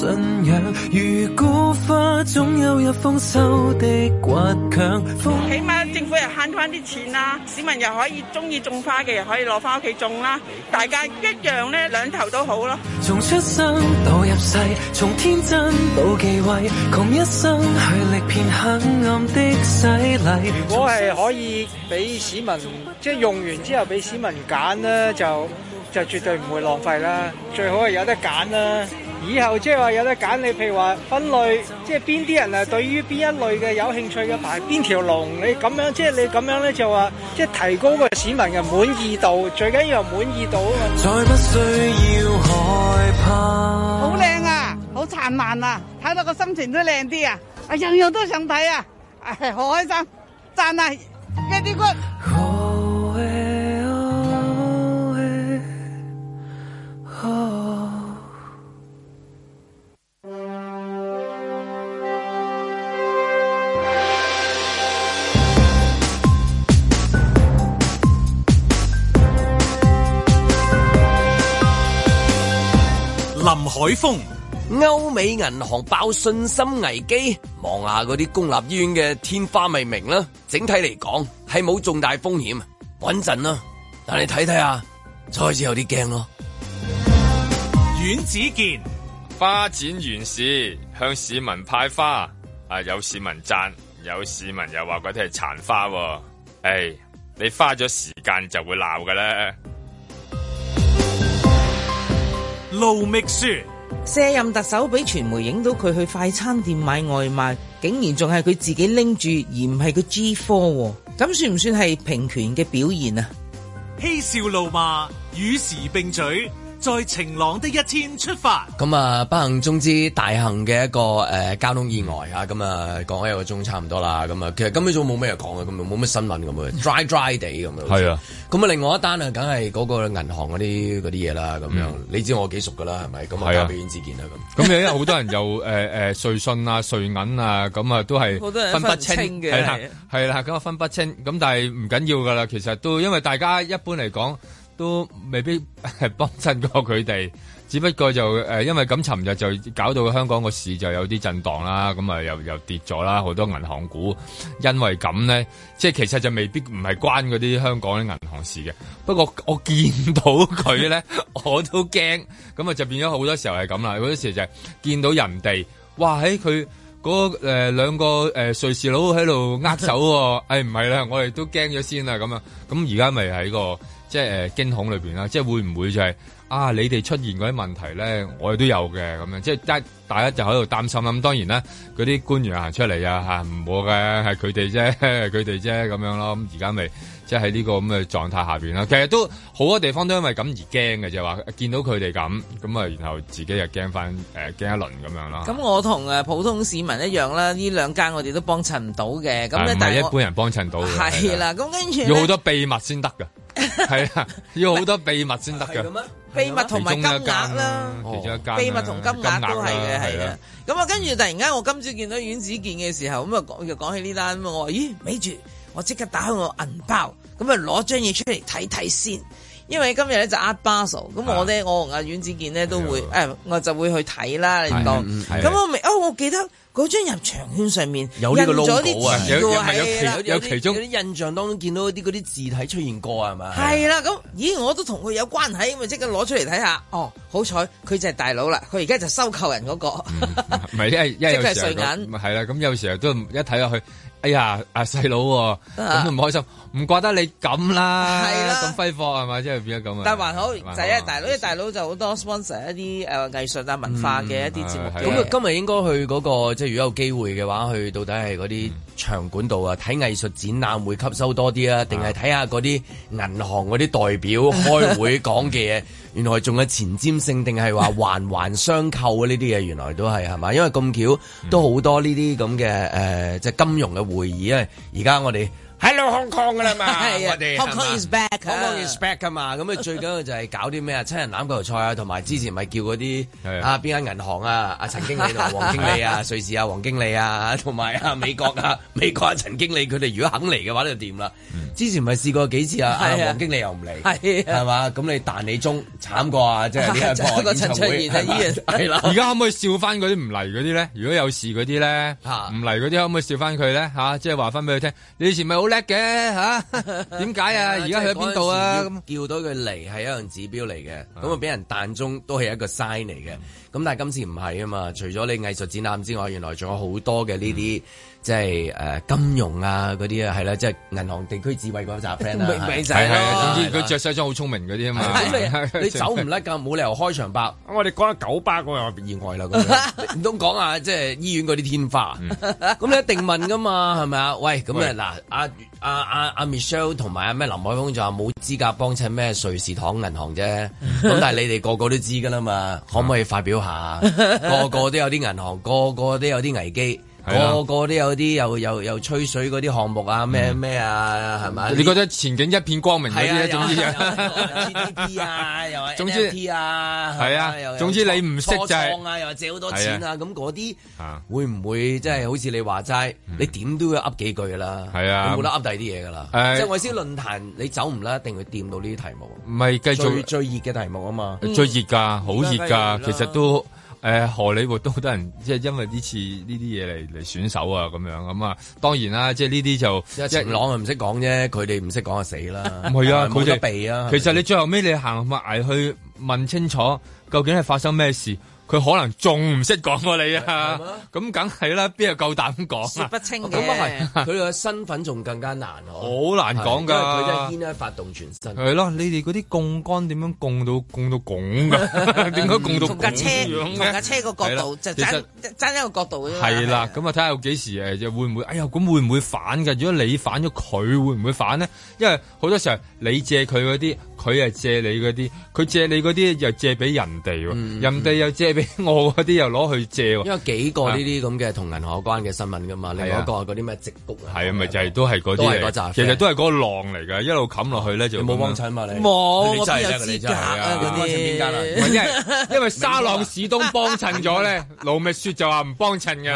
信仰如枯花，總有一豐收的倔強。起碼政府又慳翻啲錢啦，市民又可以中意種花嘅，又可以攞翻屋企種啦，大家一樣咧，兩頭都好咯。從出生到入世，從天真到忌諱，窮一生去歷遍黑暗的洗禮。如果係可以俾市民即係、就是、用完之後俾市民揀咧，就就絕對唔會浪費啦，最好係有得揀啦。以後即係話有得揀，你譬如話分類，即係邊啲人啊，對於邊一類嘅有興趣嘅，排邊條龍。你咁樣即係你咁樣咧，就話即係提高個市民嘅滿意度，最緊要滿意度。再不需要害怕。好靚啊！好燦爛啊！睇到個心情都靚啲啊！都啊，樣樣都想睇啊！唉，好開心，讚啊！一啲骨。林海峰，歐美銀行爆信心危機，望下嗰啲公立醫院嘅天花未明啦。整體嚟講係冇重大風險，穩陣啦。但你睇睇下，開始有啲驚咯。阮子健，花展完事，向市民派花，啊有市民讚，有市民又話嗰啲係殘花。唉、哎，你花咗時間就會鬧噶啦。盧覓雪，卸任特首俾傳媒影到佢去快餐店買外賣，竟然仲係佢自己拎住，而唔係個 G Four 喎。咁算唔算係平權嘅表現啊？嬉笑怒罵，與時並嘴。在晴朗的一天出發。咁啊，不幸中之大幸嘅一個誒、呃、交通意外啊，咁啊，講一個鐘差唔多啦。咁啊，其實根本都冇咩講嘅，咁冇乜新聞咁啊，dry dry 地咁樣係啊。咁啊，另外一單啊，梗係嗰個銀行嗰啲嗰啲嘢啦。咁樣、嗯，你知我幾熟噶啦，係咪？咁啊，家俾意見啦。咁咁因為好多人又誒誒，瑞、 [LAUGHS] 呃呃呃、信啊，瑞銀啊，咁啊都係好多人分不清嘅。啦、啊，係啦、啊，咁啊，啊，啊，啊分不清。咁但係唔緊要噶啦，其實都因為大家一般嚟講。都未必係幫襯過佢哋，只不過就誒，因為咁尋日就搞到香港個市就有啲震盪啦，咁啊又又跌咗啦，好多銀行股因為咁咧，即係其實就未必唔係關嗰啲香港啲銀行事嘅。不過我見到佢咧，我都驚，咁啊就變咗好多時候係咁啦。好多時就係見到人哋，哇喺佢嗰誒兩個誒瑞士佬喺度握手，誒唔係啦，我哋都驚咗先啦，咁啊，咁而家咪喺個。即係誒驚恐裏邊啦，即係會唔會就係啊？你哋出現嗰啲問題咧，我哋都有嘅咁樣，即係大大家就喺度擔心啦。咁當然啦，嗰啲官員行出嚟啊嚇唔會嘅，係佢哋啫，佢哋啫咁樣咯。咁而家未。即喺呢個咁嘅狀態下面，啦，其實都好多地方都因為咁而驚嘅，就話見到佢哋咁咁啊，然後自己又驚返誒驚一輪咁樣啦。咁我同誒普通市民一樣啦，呢兩間我哋都幫襯唔到嘅。咁、嗯、但係一般人幫襯到嘅。係啦，咁跟住要好多秘密先得㗎。係 [LAUGHS] 啊，要好多秘密先得嘅。秘密同埋金額啦，其中一間、哦、秘密同金額都係嘅，係啊。咁啊，跟住、嗯、突然間我今朝見到阮子健嘅時候，咁啊講又講起呢單我話咦，咪住，我即刻打開我銀包。咁啊，攞張嘢出嚟睇睇先，因為今日咧就 Art Basel，咁、yeah. 我咧我同阿阮子健咧都會、yeah. 哎，我就會去睇啦，yeah. 你當。咁、yeah. 我咪，yeah. 哦，我記得。嗰張入場券上面印咗啲，有、啊、有其中啲印象當中見到啲啲字體出現過係咪？係啦，咁、嗯、咦我都同佢有關係，咪即刻攞出嚟睇下。哦，好彩佢就係大佬啦，佢而家就收購人嗰、嗰個。一一係有時即係碎銀。啦，咁有時候有時都一睇落去，哎呀啊細佬咁啊唔開心，唔怪得你咁啦，咁揮霍係咪？即係、就係、變咗咁啊！但係還好就係大佬，因為大佬就好多 sponsor 一啲誒藝術啊文化嘅一啲節目、嗯。咁今日應該去嗰個。即係如果有機會嘅話，去到底係嗰啲場館度啊，睇藝術展覽會吸收多啲啊，定係睇下嗰啲銀行嗰啲代表開會講嘅嘢？ [LAUGHS] 原來仲有前瞻性，定係話環環相扣啊？呢啲嘢原來都係係嘛？因為咁巧都好多呢啲咁嘅誒，即、呃、係、就係、金融嘅會議，啊。而家我哋。Hello Hong Kong 噶啦嘛 [LAUGHS] 我 yeah, Hong Kong, is back, Hong，Kong is back，Kong is back 噶、yeah. 嘛，咁你最緊要就係搞啲咩 [LAUGHS] 啊，七人欖球賽啊，同埋之前咪叫嗰啲啊邊間銀行啊，阿陳經理同阿黃經理啊， [LAUGHS] 瑞士啊黃經理啊，同埋啊美國啊，美國阿、啊、陳經理佢哋如果肯嚟嘅話就掂啦。之前咪試過幾次啊，阿、 [LAUGHS] 啊、黃經理又唔嚟，係 [LAUGHS] 嘛，咁你彈你中慘啊即係呢一個、啊，唔 [LAUGHS] 會。而 [LAUGHS] 家可唔可以笑翻嗰啲唔嚟嗰啲咧？如果有事嗰啲咧，唔嚟嗰啲可唔可以笑翻佢咧？吓、啊，即係話翻俾佢聽，你以前咪好。叻嘅吓，點解啊？而家去咗邊度啊？ [LAUGHS] 叫到佢嚟係一樣指標嚟嘅，咁啊俾人彈中都係一個 sign 嚟嘅。咁但係今次唔係啊嘛，除咗你藝術展覽之外，原來仲有好多嘅呢啲。即係誒、呃，金融啊，嗰啲啊，係啦，即係銀行地區智慧嗰扎 friend 啊，命命仔啊，總之佢着西裝好聰明嗰啲啊嘛，啊啊你走唔甩噶，冇 [LAUGHS] 理由開場白，我哋講咗九巴嗰個意外啦，唔通講下即係醫院嗰啲天花，咁、嗯、你一定問噶嘛，係咪啊？喂，咁 [LAUGHS] 啊嗱，阿阿阿阿 Michelle 同埋阿咩林海峰就話冇資格幫襯咩瑞士堂銀行啫，咁 [LAUGHS] 但係你哋個個都知噶啦嘛， [LAUGHS] 可唔可以發表下？ [LAUGHS] 個，個個都有啲銀行，個個，個都有啲危機。個個都有啲又又又吹水嗰啲項目啊咩咩、嗯、啊係咪你覺得前景一片光明嗰啲咧？總之啊，P P T 啊，又係 N F T 啊，係啊，總之你唔識就是、啊，又話借好多錢啊，咁嗰啲會唔會即係、啊就是、好似你話齋、嗯？你點都要噏幾句啦，係啊，冇得噏第啲嘢噶啦。即、啊、係、就是、我先論壇你走唔甩一定會掂到呢啲題目。唔係繼續最最熱嘅題目啊嘛，嗯、最熱噶，好熱噶，其實都。誒、呃，荷里活都好多人，即係因為呢次呢啲嘢，嚟嚟選手啊，咁樣咁啊，當然啦，即係呢啲就晴朗 [LAUGHS] 啊，唔識講啫，佢哋唔識講就死啦，唔係啊，佢就避啊。其實你最後尾你行埋去問清楚，究竟係發生咩事？佢可能仲唔識講過你呀、啊？咁梗係啦，邊有夠膽講、啊？説不清嘅，佢、啊、個身份仲更加難。好 [LAUGHS] 難講㗎，因為佢一牽一髮動全身。係咯，你哋嗰啲槓桿點樣槓到槓到槓㗎？點解槓到？共同架車，架車個角度就爭爭一個角度係啦、啊，咁啊睇下幾時就會唔會？哎呀，咁會唔會反㗎？如果你反咗，佢會唔會反呢？因為好多時候你借佢嗰啲。佢係借你嗰啲，佢借你嗰啲又借俾人哋喎、嗯，人哋又借俾我嗰啲又攞去借喎、嗯。因為有幾個呢啲咁嘅同銀行有關嘅新聞噶嘛，啊、另外一個嗰啲咩植谷矽谷啊，係啊，咪就係、是、都係嗰啲，其實都係嗰個浪嚟噶，一路冚落去咧就冇幫襯嘛你，冇真邊真係。啫、啊啊啊， [LAUGHS] 因為因為沙浪市東沙朗史東幫襯咗咧， [LAUGHS] 老米雪就話唔幫襯噶。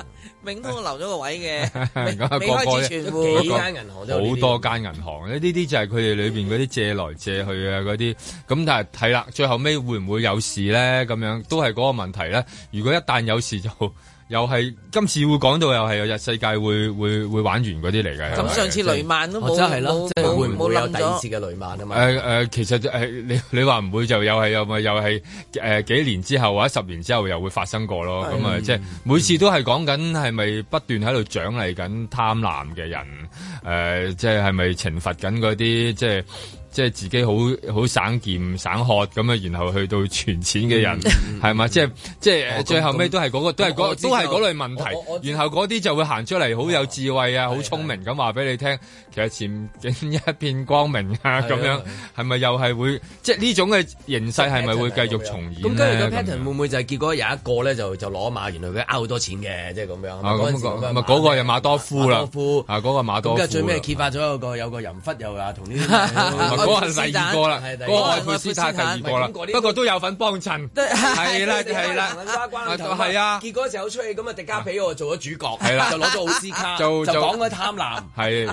[LAUGHS] [LAUGHS] 永通留咗個位嘅，美加資產戶、 [LAUGHS] 幾間銀行都好多間銀行咧，呢啲就係佢哋裏面嗰啲借來借去啊，嗰啲咁但係睇啦，最後尾會唔會有事咧？咁樣都係嗰個問題咧。如果一旦有事就～ [LAUGHS] 又係今次會講到又係日世界會會會玩完嗰啲嚟嘅。咁、嗯、上次雷曼都冇、哦，真係咯，即係會唔會有第二次嘅雷曼、呃呃、其實、呃、你話唔會就又係又咪又係幾年之後或者十年之後又會發生過囉。咁、哎、啊，嗯、即係每次都係講緊係咪不斷喺度獎勵緊貪婪嘅人？呃、即係係咪懲罰緊嗰啲即係？即係自己好好省儉省渴咁啊，然後去到存錢嘅人係咪、嗯？即係、哦、即係、哦、最後尾都係嗰、嗰個，嗯、都係嗰、嗰個嗯、都係嗰類問題。哦、然後嗰啲就會行出嚟，好有智慧呀，好、哦、聰明咁話俾你聽、哦。其實前景、嗯、一片光明呀、啊，咁樣係咪又係會即係呢種嘅形勢係咪會繼續重演？咁跟住個 pattern 會唔會就係結果有一個呢，就攞馬，原來佢呃好多錢嘅，即係咁樣。啊，咁個咪嗰個又馬多夫啦。嗰個馬多夫。個有個淫忽個係第二個啦，個愛佩斯太第二個啦，不過都有份幫襯，係啦，係啦，係啊。結果就好出去咁啊，迪加俾我做咗主角，就攞咗奧斯卡，就講咗貪婪，係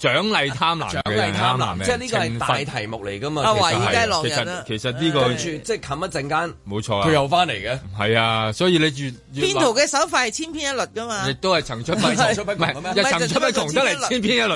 獎勵貪婪，獎勵貪婪，即係呢個係大題目嚟噶嘛？我其實《華爾街之狼》啊，其實呢個即係冚一陣間冇錯，佢、啊、又翻嚟嘅，係啊，所以你住編導嘅手法係千篇一律噶嘛？亦都係曾出民，陳出民唔係，出出嚟千篇一律，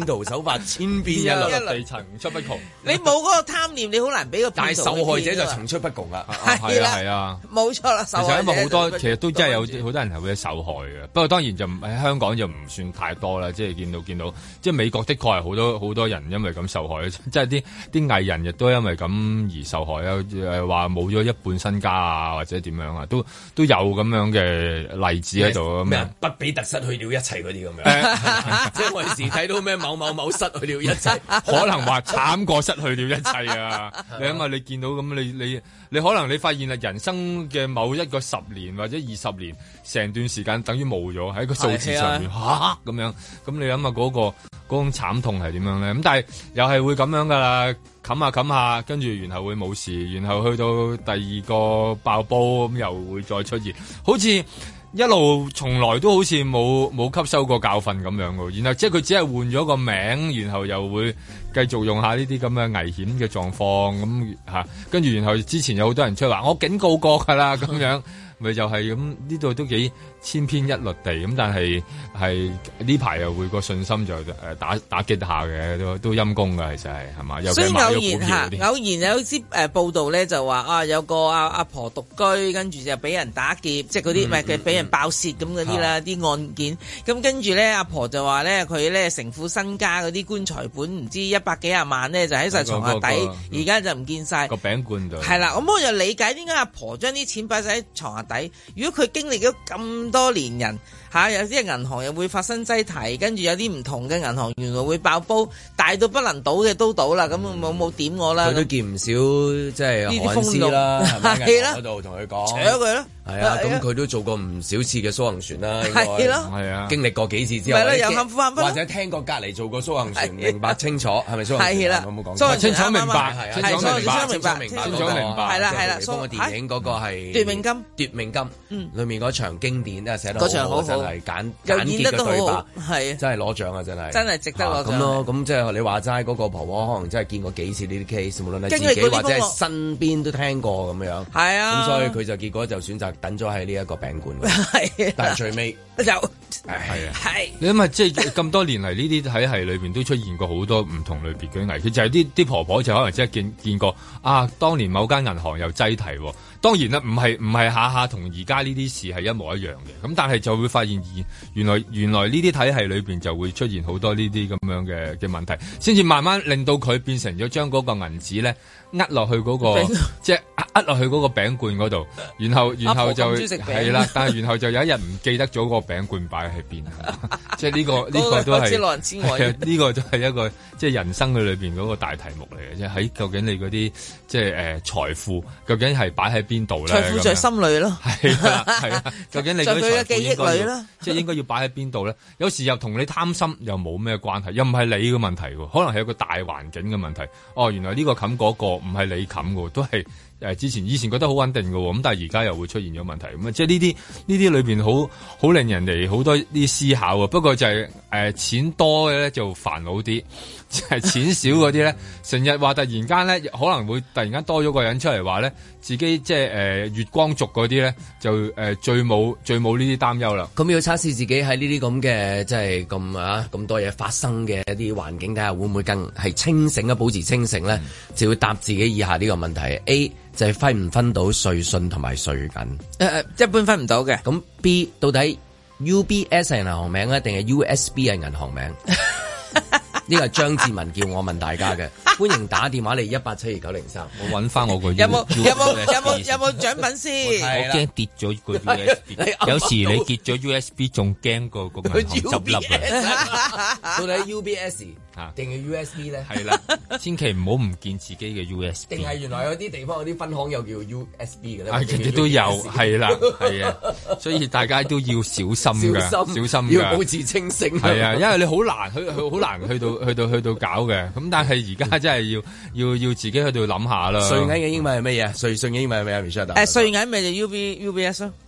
編導手法。天變天一類，地層出不窮。你冇嗰個貪念，你好難俾個。但係受害者就層出不窮啦。係啊係啊，冇、啊就是、錯啦。受害者因為好多，其實都真係有好多人係會受害嘅。不過當然就喺香港就唔算太多啦。即係見到見到，即係、就是、美國的確係好多好多人因為咁受害，即係啲啲藝人亦都因為咁而受害，又話冇咗一半身家啊，或者點樣啊，都都有咁樣嘅例子喺度。咩？不比特失去了一切嗰啲咁樣。欸、 [LAUGHS] 即係我時睇到咩某某某失一切，可能話慘過失去了一切啊！ [LAUGHS] 你諗下，你見到咁，你你你可能你發現人生嘅某一個十年或者二十年，成段時間等於冇咗喺個數字上面吓咁樣，咁你諗下嗰個嗰種慘痛係點樣咧？咁但係又係會咁樣噶啦，冚下冚下，跟住然後會冇事，然後去到第二個爆煲咁又會再出現，好似。一路從來都好似冇冇吸收過教訓咁樣喎，然後即係佢只係換咗個名，然後又會繼續用下呢啲咁嘅危險嘅狀況咁嚇，跟住然後之前有好多人出話，我警告過㗎啦，咁樣咪 [LAUGHS] 就係、就、咁、係，呢度都幾。千篇一律地咁，但係係呢排又會個信心就誒打打擊下嘅，都都陰功嘅，其實係係嘛？又係買一個報。偶然有啲誒、呃、報道咧，就話啊，有個阿、啊、阿、啊、婆獨居，跟住就俾人打劫，即係嗰啲唔係俾人爆竊咁嗰啲啦啲案件。咁跟住咧，阿、啊、婆就話咧，佢咧成副身家嗰啲棺材本唔知一百幾廿萬咧，就喺晒床下底，而、那、家、個那個那個那個、就唔見晒。個餅罐度，係啦、嗯，我就理解點解阿婆將啲錢擺晒喺床下底。如果佢經歷咗咁多年人。嚇有啲銀行又會發生擠提，跟住有啲唔同嘅銀行原來會爆煲，大到不能倒嘅都倒啦。咁冇冇點我啦？佢都見唔少即係玩獅啦，喺銀行嗰度同佢講，搶佢啦。係啊，咁佢都做過唔少次嘅蘇杭船啦。係啦，係啊，經歷過幾次之後，或者聽過隔籬做過蘇杭船，明白清楚係咪蘇杭船？我冇講清楚，清楚明白，清楚明白，清楚明白，係啦係啦。蘇杭嘅電影嗰個係奪命金，奪命金，嗯，裡面嗰場經典啊，寫得嗰場好好。係簡簡潔嘅對白，真係攞獎啊！真係真係值得攞獎咁咯，咁、啊啊、即係你話齋，嗰、那個婆婆可能真係見過幾次呢啲 case，無論係自己或者係身邊都聽過咁樣。係啊，咁所以佢就結果就選擇等咗喺呢一個病館、啊。但係最尾又係啊！係你諗下，即係咁多年嚟，呢啲體系裏邊都出現過好多唔同類別嘅危機，就係啲啲婆婆就可能真係見見過啊，當年某間銀行又擠提。當然啦，唔係唔係下下同而家呢啲事係一模一樣嘅，咁但係就會發現原來，原來原來原來呢啲體系裏邊就會出現好多呢啲咁樣嘅嘅問題，先至慢慢令到佢變成咗將嗰個銀紙咧。呃，落去嗰個，即係呃，落去嗰個餅罐嗰度，然後然後就係啦，婆婆 [LAUGHS] 但係然後就有一日唔記得咗個餅罐擺喺邊。即係呢個呢、 [LAUGHS] 呢個、 [LAUGHS] 個都係，呢個都係一個即係、就是、人生裏邊嗰個大題目嚟嘅，即係喺究竟你嗰啲即係誒財富究竟係擺喺邊度呢？財富在心裏咯，係啦，係啦。究竟你嗰啲財富即係應該要擺喺邊度咧？有時又同你貪心又冇咩關係，又唔係你嘅問題，可能係一個大環境嘅問題。哦，原來呢個冚嗰個。唔係你冚嘅，都係。誒之前以前覺得好穩定嘅，咁但係而家又會出現咗問題，咁啊即係呢啲呢啲裏邊，好好令人哋好多啲思考啊。不過就係、是、誒錢多嘅咧就煩惱啲，係錢少嗰啲咧，成日話突然間咧可能會突然間多咗個人出嚟話咧，自己即、就、係、是呃、月光族嗰啲咧就誒、呃、最冇最冇呢啲擔憂啦。咁要測試自己喺呢啲咁嘅即係咁啊咁多嘢發生嘅一啲環境底下會唔會更係清醒啊？保持清醒咧，嗯、就要答自己以下呢個問題 A。就係、是、分唔分到瑞信同埋瑞緊？誒、呃、誒，一般分唔到嘅。咁 B 到底 U B S 係銀行名啊，定係 U S B 係銀行名？呢個係張志文叫我問大家嘅，歡迎打電話嚟一八七二九零三。我揾翻我個 U，有冇有冇有冇有冇獎品先？我驚，我跌咗個 U， [LAUGHS] 有時你跌咗 U S B 仲驚過個銀行執笠。 [LAUGHS] 到底 U B S？定係 USB 咧，係啦，千祈唔好唔見自己嘅 USB。定係原來有啲地方有啲分行又叫 USB 嘅咧。啊，佢都有，係 [LAUGHS] 啦，係啊，所以大家都要小心㗎，小心,小心要保持清醒。係啊，因為你好難，佢好難去到 [LAUGHS] 去到去到,去到搞嘅。咁但係而家真係要要要自己去到諗下啦。瑞銀嘅英文係咩嘢？瑞信嘅英文係咩啊？Michelle，誒瑞銀咪就 UBUBS 咯。 [LAUGHS]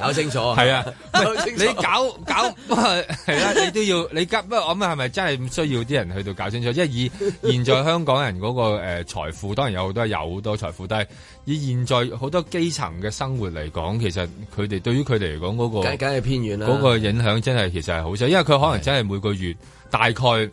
搞清楚，係啊，你搞搞，係啦、 [LAUGHS] 啊，你都要，你急，不過我諗係咪真係唔需要啲人去到搞清楚？即係以現在香港人嗰個誒財富，當然有好多有好多財富，但係以現在好多基層嘅生活嚟講，其實佢哋對於佢哋嚟講嗰個梗係偏遠啦，嗰、嗰個影響真係其實係好少，因為佢可能真係每個月大概。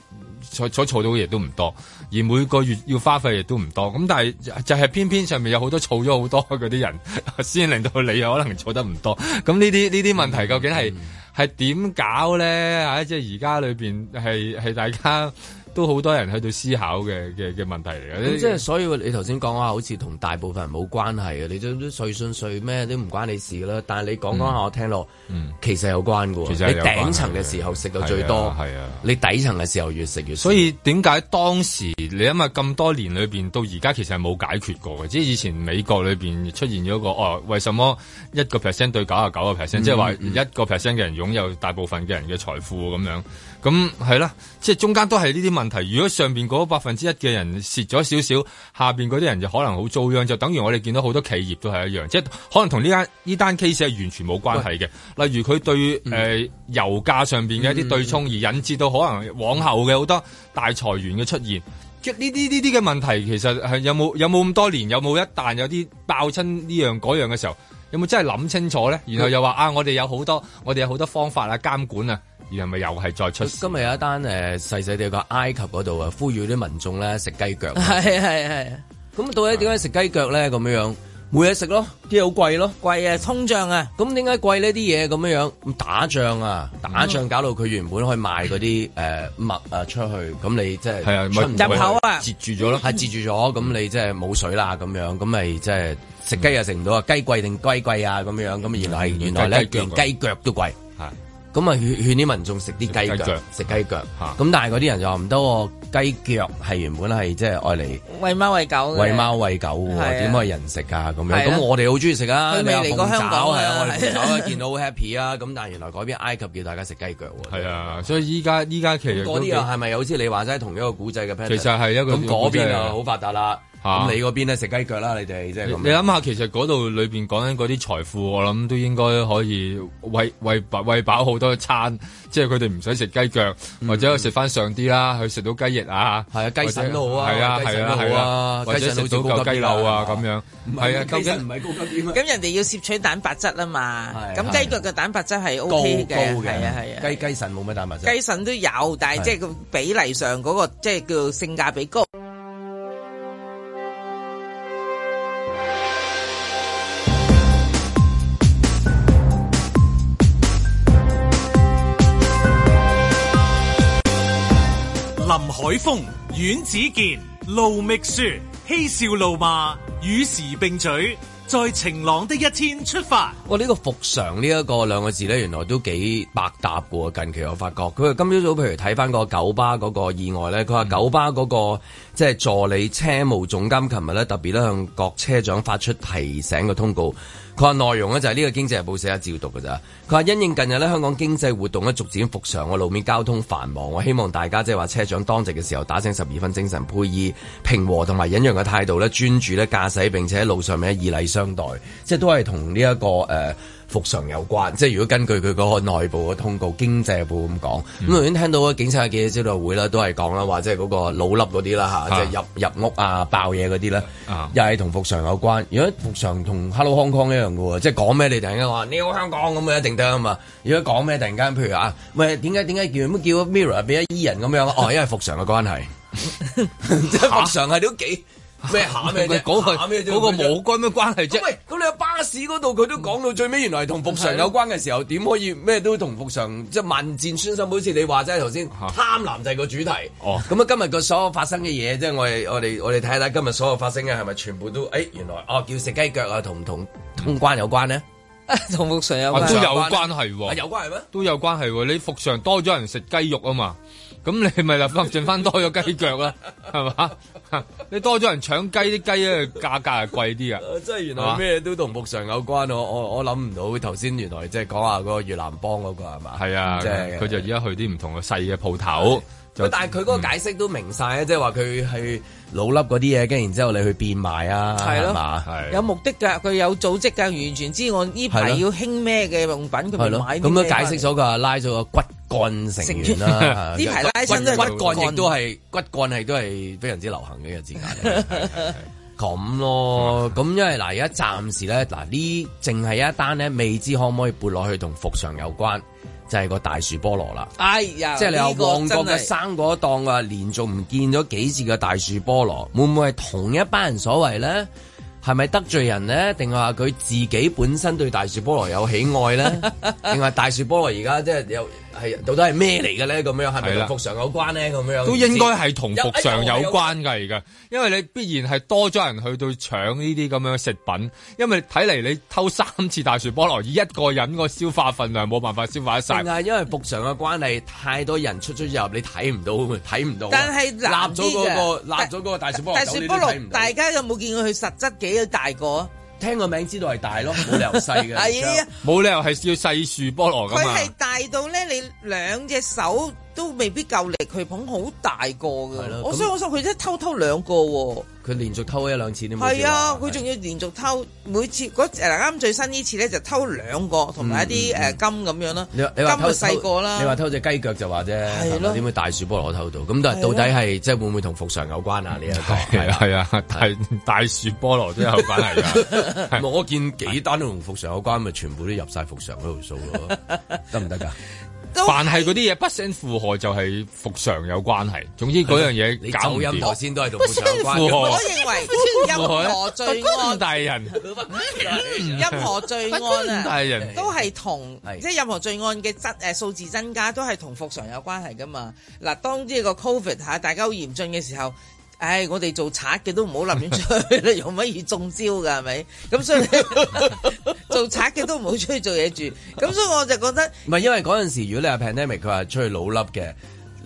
所在儲到嘅嘢都唔多，而每個月要花費亦都唔多，咁但係就係偏偏上面有好多儲咗好多嗰啲人，先令到你可能儲得唔多。咁呢啲呢啲問題究竟係係點搞咧？嚇，即係而家裏面係係大家。都好多人喺度思考嘅嘅嘅問題嚟嘅。即係、嗯、所以你頭先講話好似同大部分人冇關係嘅，你歲歲什麼都都碎信碎咩都唔關你事嘅啦。但係你講講下我聽落、嗯、其實有關嘅喎。其實你頂層嘅時候食到最多，啊啊、你底層嘅時候越食越衰。所以點解當時你諗下咁多年裏邊到而家其實係冇解決過嘅？即係以前美國裏邊出現咗個哦，為什麼一個 percent 對九啊九個 percent，即係話一個 percent 嘅人擁有大部分嘅人嘅財富咁、嗯嗯、樣？咁係啦，即係中間都係呢啲問題。如果上邊嗰百分之一嘅人蝕咗少少，下邊嗰啲人就可能好遭殃，就等於我哋見到好多企業都係一樣，即係可能同呢間呢單 case 係完全冇關係嘅。例如佢對誒、嗯呃、油價上邊嘅一啲對沖，而引致到可能往後嘅好多大裁員嘅出現。即呢啲呢啲嘅問題，其實係有冇有冇咁多年，有冇一旦有啲爆親呢樣嗰樣嘅時候，有冇真係諗清楚咧？然後又話啊，我哋有好多，我哋有好多方法啊，監管啊。而咪又係再出事？今日有一單誒，細細哋個埃及嗰度啊，呼籲啲民眾咧食雞腳。係係係。咁到底點解食雞腳咧？咁樣樣冇嘢食咯，啲嘢好貴咯，貴啊，通脹啊。咁點解貴呢啲嘢咁樣樣，咁打仗啊，打仗、啊嗯、搞到佢原本可以賣嗰啲誒物啊出去，咁你即、就、係、是、入口啊，截住咗咯，係、嗯、截住咗，咁、嗯、你即係冇水啦，咁樣，咁咪即係食雞又食唔到、嗯、雞貴是貴啊？雞貴定雞貴啊？咁樣咁原來原來呢，連雞腳都貴。咁咪勸啲民眾食啲雞腳，食雞腳咁、啊、但係嗰啲人就話唔得喎，雞腳係原本係即係愛嚟餵貓餵狗，餵貓餵狗喎，點、啊、可以人食㗎咁樣？咁我哋好鍾意食啊！未嚟、啊、過香港係啊，見、啊、到好 happy 啊！咁 [LAUGHS] 但係原來嗰邊埃及叫大家食雞腳喎、啊。係啊，所以依家依家其實嗰啲人係咪好似你話齋同一個古仔嘅 pattern 其實係一個咁嗰邊啊，好發達啦。咁、啊、你嗰邊咧食雞腳啦，你哋即係咁。你諗下，其實嗰度裏邊講緊嗰啲財富，我諗都應該可以喂喂餵飽好多餐。即係佢哋唔使食雞腳，或者食翻上啲啦，去食到雞翼啊。係、嗯、啊，雞腎都好啊，雞腎都好啊，或食、啊啊啊、到雞柳啊咁樣。係啊，唔係高級啲啊。咁人哋要攝取蛋白質啊嘛。咁雞腳嘅蛋白質係 O K 嘅，係啊係啊。雞雞腎冇乜蛋白質。雞腎都有，但係即係個比例上嗰、那個即係、就是、叫性價比高。阮子健盧覓雪嬉笑怒罵與時並舉，在晴朗的一天出發。呢、哦這個服常呢一個兩個字咧，原來都幾百搭噶喎。近期我發覺佢話今朝早，譬如睇翻個九巴嗰個意外咧，佢話九巴嗰、那個。即係助理車務總監，琴日咧特別咧向各車長發出提醒嘅通告。佢話內容咧就係呢個《經濟日報一》社啊，照讀㗎咋。佢話因應近日咧香港經濟活動咧逐漸復常，個路面交通繁忙，我希望大家即係話車長當值嘅時候打醒十二分精神，配以平和同埋忍讓嘅態度咧，專注咧駕駛，並且喺路上面以禮相待。即係都係同呢一個誒。呃復常有關，即係如果根據佢嗰個內部嘅通告經濟部咁講，咁頭先聽到警察嘅記者招待會啦，都係講啦，話即係嗰個老笠嗰啲啦，吓，即係入入屋啊，爆嘢嗰啲啦，又係同復常有關。如果復常同 Hello Hong Kong 一樣嘅喎，即係講咩你突然間話你好香港咁嘅一定得啊嘛。如果講咩突然間，譬如啊，喂，係點解點解叫叫 Mirror 俾一依人咁樣？ [LAUGHS] 哦，因為復常嘅關係， [LAUGHS] 即係復常係都幾、啊咩下咩啫？嗰佢嗰個冇軍咩關係啫、就是？喂，咁你喺巴士嗰度佢都講到最尾，原來同復常有關嘅時候，點可以咩都同復常？即、就、係、是、萬箭穿心？好似你話齋頭先貪婪就係個主題。哦，咁啊，今日個所有發生嘅嘢，即、哦、係我哋我哋我哋睇睇今日所有發生嘅係咪全部都誒、欸、原來、哦、叫雞腳啊叫食雞腳啊同唔同通關有關呢？嗯、 [LAUGHS] 同復常有關都有關係喎，有關係咩？都有關係喎、啊啊啊，你復常多咗人食雞肉啊嘛，咁你咪就剩翻多咗雞腳啦，係 [LAUGHS] 嘛？ [LAUGHS] 你多咗人搶雞，啲雞咧價格係貴啲㗎。即係原來咩都同牧場有關，啊、我我我諗唔到。頭先原來即係講下嗰個越南幫嗰、那個係嘛？係啊，佢就而、是、家去啲唔同嘅細嘅鋪頭。但係佢嗰個解釋都明晒啊，即係話佢係老粒嗰啲嘢，跟住然後之後你去變賣啊，係咯、啊，有目的噶，佢有組織噶，完全知我呢排要興咩嘅用品，佢咪、啊、買、啊。咁樣解釋咗佢拉咗個骨幹成員啦，啲、啊、排拉骨，骨幹，亦都係骨幹，係都係非常之流行嘅字眼。咁 [LAUGHS] 咯，咁、嗯、因為嗱，而家暫時咧，嗱呢，淨係一單咧，未知可唔可以撥落去同服上有關，就係、是、個大樹菠蘿啦。哎呀，即係你話旺角嘅生果檔啊，連續唔見咗幾次嘅大樹菠蘿，會唔會係同一班人所為咧？係咪得罪人咧？定係話佢自己本身對大樹菠蘿有喜愛咧？定 [LAUGHS] 係大樹菠蘿而家即係有？係到底係咩嚟嘅咧？咁樣係咪同復常有關咧？咁樣都應該係同復常有關嘅嚟嘅，因為你必然係多咗人去到搶呢啲咁樣嘅食品，因為睇嚟你偷三次大樹菠蘿，以一個人個消化份量冇辦法消化得晒。點解？因為復常嘅關係，太多人出出入，你睇唔到，睇唔到。但係立咗嗰個，立咗個大樹菠蘿，大家有冇見過佢實質幾大個？聽個名知道係大咯，冇理由細嘅，冇、 [LAUGHS] 哎、理由係要細樹菠蘿噶嘛。佢係大到咧，你兩隻手。都未必夠力，佢捧好大個㗎喇。我、啊、所以我想佢真係偷偷兩個喎、哦。佢連續偷一兩次點？係啊，佢仲要連續偷，每次嗰啱、那個、最新次呢次咧就偷兩個，同埋一啲誒金咁樣啦。金啊細個啦。你話偷隻雞腳就話啫，點會、啊、大樹菠蘿偷到？咁但係到底係即係會唔會同復常有關啊？呢一個係啊，啊大，大樹菠蘿都有關係 [LAUGHS] 啊！我見幾單都同復常有關，咪全部都入晒復常嗰度數咯，得唔得㗎？凡係嗰啲嘢不勝負荷就係復常有關係，總之嗰樣嘢搞音頭先都係同復常有關係。我，我認為任何罪案，大人，任何罪案，大人，何罪案、啊、大人，都係同即係任何罪案嘅增誒數字增加都係同復常有關係噶嘛。嗱，當呢個 COVID 嚇大家好嚴峻嘅時候。唉，我哋做賊嘅都唔好立亂出去啦， [LAUGHS] 容乜易中招㗎，係咪？咁所以 [LAUGHS] [LAUGHS] 做賊嘅都唔好出去做嘢住。咁所以我就覺得，唔係因為嗰陣時，如果你係 pandemic，佢話出去老笠嘅。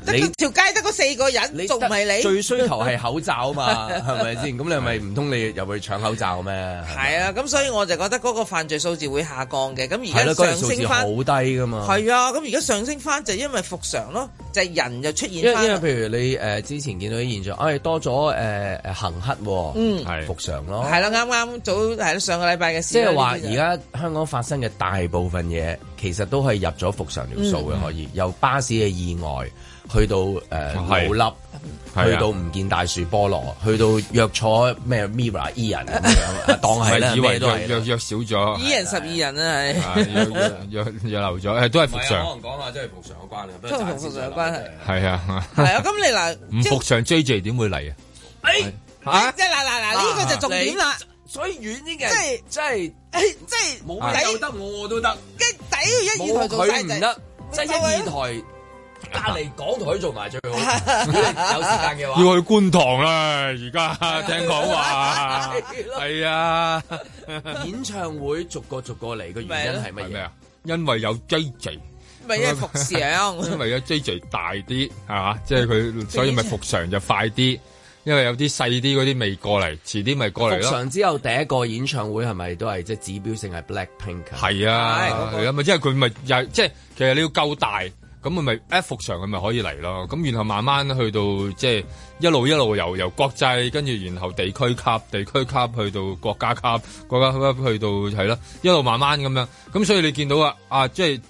你條街得嗰四個人，仲係你，是你最需求係口罩嘛？係咪先咁？ [LAUGHS] 那你係咪唔通你入去搶口罩咩？係啊，咁所以我就覺得嗰個犯罪數字會下降嘅。咁而家上升翻好、啊那個、低噶嘛？係啊，咁而家上升翻就因為復常咯，就係、是、人又出現翻。因為譬如你誒、呃、之前見到啲現象，哎多咗誒、呃、行乞喎，嗯，復常咯，係啦、啊，啱啱早係、啊、上個禮拜嘅事。即係話而家香港發生嘅大部分嘢，其實都係入咗復常條數嘅、嗯，可以由巴士嘅意外。去到誒冇粒，去到唔見大樹菠蘿，啊、去到約坐咩 MIRROR 伊人咁樣，當係咧， [LAUGHS] 以為都係了約約少咗，E 人十二人啊，係約留咗、啊， [LAUGHS] 都係服常。可能講下真係服常有關係都同服常有關係。係 [LAUGHS] 啊，係啊，咁你嗱，唔服常追 JJ 點會嚟啊？誒即係嗱嗱嗱，呢個就重點啦。所以遠啲嘅、哎，即係即係，誒即係冇得我都得，跟底一二台做得，即係二台。隔離港台做埋最好， [LAUGHS] 有時間嘅話要去觀塘啦。而家聽講話係 [LAUGHS] 啊，啊 [LAUGHS] 演唱會逐個逐個嚟嘅原因係乜嘢啊？因為有 J J，咪因為復常因為有 J J 大啲係嘛，即係佢所以咪復常就快啲。因為有啲細啲嗰啲未過嚟，遲啲咪過嚟咯。復常之後第一個演唱會係咪都係即係指標性係 Black Pink？係啊，咁咪即係佢咪又即係其實你要夠大。咁咪咪 f p 上佢咪可以嚟咯，咁然後慢慢去到即係、就是、一路一路由由國際跟住然後地區級、地區級去到國家級、國家級去到係咯，一路慢慢咁樣，咁所以你見到啊啊即係。就是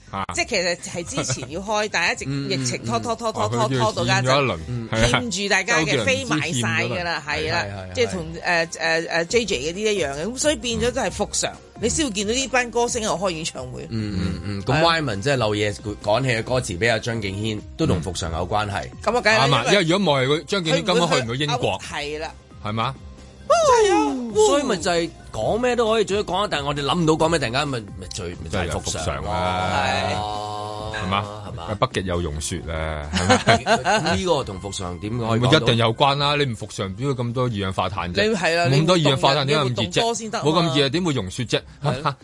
啊、即係其實係之前要開，但係一直疫情拖、嗯嗯、拖、嗯、拖、啊、拖拖拖拖拖拖到而家就欠住大家嘅飛買晒㗎啦，係啦，即係同誒誒誒 J J 嘅啲一樣嘅，咁所以變咗都係復常，你先會見到呢班歌星喺度開演唱會。咁 Wyman 即係漏嘢講起嘅歌詞，俾阿張敬軒都同復常有關係。咁啊，梗係因為如果冇係張敬軒，根本去唔到英國。係、啊、啦，係嘛？真係啊、 [MUSIC] 所以咪就係講咩都可以，總之講，但係我哋諗唔到講咩，突然間咪咪最咪就係復常啊，係係嘛係嘛，北極有融雪咧，呢 [LAUGHS] 個同復常點解？一定有關啦，你唔復常，點解咁多二氧化碳，你係啊，咁多二氧化碳點解咁熱啫？冇咁熱點會融雪啫？即係、啊、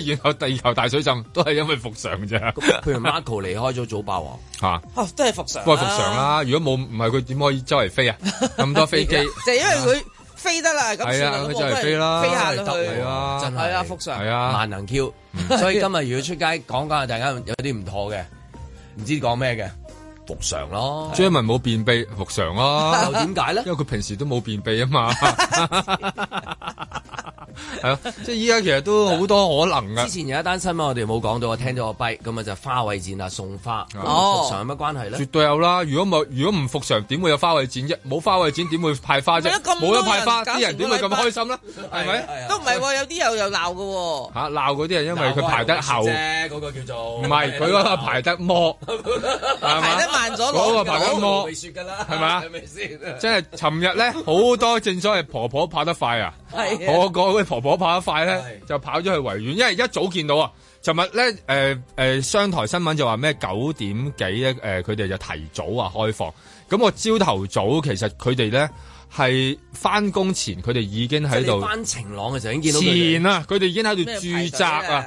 [LAUGHS] 然後地球大水浸都係因為復常嘅啫。譬 [LAUGHS] 如 Marco 離開咗祖霸王吓，哦 [LAUGHS] 、啊，都係復常，不過復常啦。如果冇唔係佢點可以周圍飛啊？咁 [LAUGHS] 多飛機，就係、因為佢。 [LAUGHS] 飛得啦，咁啊咗過去，飛下都得啦，真係啊，福神，係啊，萬能 Q，、嗯、所以今日如果出街講講下大家有啲唔妥嘅，唔知講咩嘅。復常咯即係冇便秘復常咯，又點解咧？因為佢平時都冇便秘啊嘛，係 [LAUGHS] 咯， [LAUGHS] [LAUGHS] 即係依家其實都好多可能嘅。之前有一單新聞我哋冇講到，我聽到個弊咁啊就花卉展啊送花，復常、啊嗯、有乜關係咧？絕對有啦！如果冇如果唔復常點會有花卉展啫？冇花卉展點會派花啫？冇 [LAUGHS] 得派花，啲人點會咁開心咧？係咪？都唔係喎，有啲又又鬧嘅喎嚇鬧嗰啲係因為佢排得後啫，嗰個叫做唔係佢嗰排得莫係慢咗落嚟，未、那個、說噶啦，係咪啊？係咪先？即 [LAUGHS] 係，尋日咧好多，正所謂婆婆跑得快啊！ [LAUGHS] 我嗰個婆婆跑得快咧， [LAUGHS] 就跑咗去維園，因為一早見到啊，尋日咧，誒、呃、誒、呃，商台新聞就話咩九點幾咧，誒、呃，佢哋就提早啊開放。咁我朝頭早，其實佢哋咧係翻工前，佢哋已經喺度翻晴朗嘅時已經見到嘅嘢。前啊，佢哋已經喺度駐紮啊。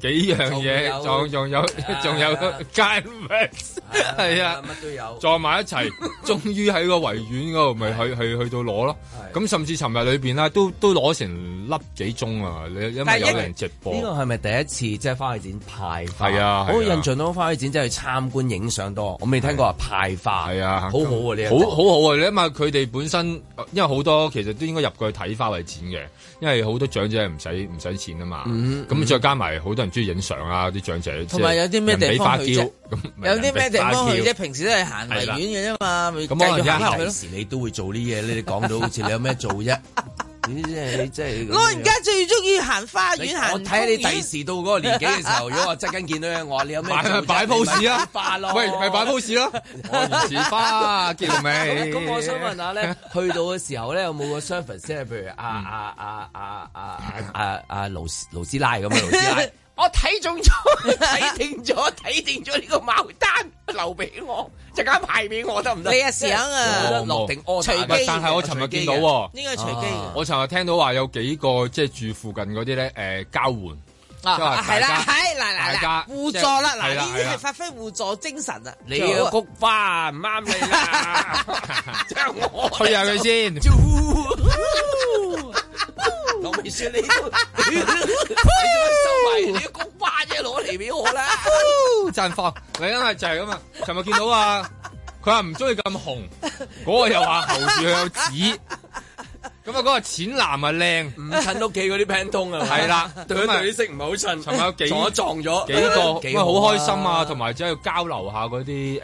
幾樣嘢，仲仲有仲有 g m 係啊，乜、啊啊啊啊、都有，撞埋一齊，終於喺個維園嗰度，咪去去去到攞咯。咁甚至尋日裏邊啦都都攞成粒幾鐘啊！你因為有人直播呢、這個係咪第一次即係花卉展派花？係啊，我印象到花卉展真係參觀影相多，我未聽過話派花。係啊，好好啊好好好啊！你諗下佢哋本身，因為好多其實都應該入過去睇花卉展嘅，因為好多長者唔使唔使錢啊嘛。咁、嗯、再加埋好、嗯、多人。中意影相啊！啲長者同埋有啲咩地方有啲咩地方去啫，啊啊？平時都係行花園嘅啫嘛，咁時你都會做啲嘢，你哋講到好似你有咩做啫？點知係你而家最中意行花園。我睇你第時到嗰個年紀嘅時候，如果我即刻見到我你有咩擺 pose 啊？喂，咪擺 pose 咯！我唔似花，叫咩？咁我想問下咧，去到嘅時候咧，有冇個 service 譬如阿阿阿阿阿阿阿勞勞斯拉咁勞斯拉？我睇中咗，睇定咗，睇定咗呢個牡丹留俾我，陣間排俾我得唔得？你阿醒啊，落定安。但係我尋日見到呢個隨機，我尋日聽到話有幾個即係、就是、住附近嗰啲咧，誒、呃、交換，係、啊、啦，係、就是，嗱嗱家，互助啦，嗱呢啲係發揮互助精神啊！你要菊花唔啱你即 [LAUGHS] 是我！推下佢先。 [LAUGHS] [LAUGHS] 我未說你都，你做乜 [LAUGHS] [LAUGHS] 收埋？你要公花啫、啊，攞嚟俾我啦！綻 [LAUGHS] [LAUGHS] 放，你啱係就係咁啊！琴日見到啊？佢話唔中意咁紅，嗰、那個又話頭又紫。 [LAUGHS] 咁啊，嗰個淺藍啊靚，唔襯屋企嗰啲 pan 通啊，係 [LAUGHS] 啦，對佢哋啲色唔係好襯，撞咗撞咗幾個，因好、啊、幾個開心啊，同埋即係要交流下嗰啲誒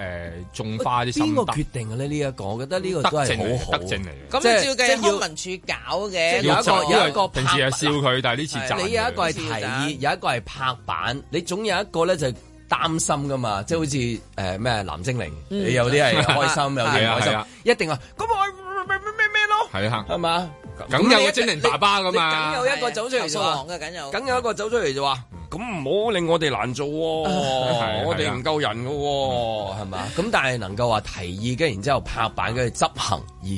種花啲邊個決定嘅呢？呢、這、一個我覺得呢個都係好好，德政嚟嘅。咁你照即係康文署搞嘅，有一個有一個平時係笑佢，但係呢次你有一個係提議有一個係拍板，拍板，你總有一個咧就擔心噶嘛，嗯、即係好似誒咩藍精靈，你、嗯、有啲係開心， [LAUGHS] 有啲開心，啊啊、一定啊咁我係啊，係嘛，梗有一精靈爸爸噶嘛，梗有一個走出嚟嘅，梗有，梗有一個走出嚟就話，咁唔好令我哋難做啊啊，我哋唔夠人噶、啊，係嘛，咁但係能夠話提議跟住，然之後拍板跟住執行而。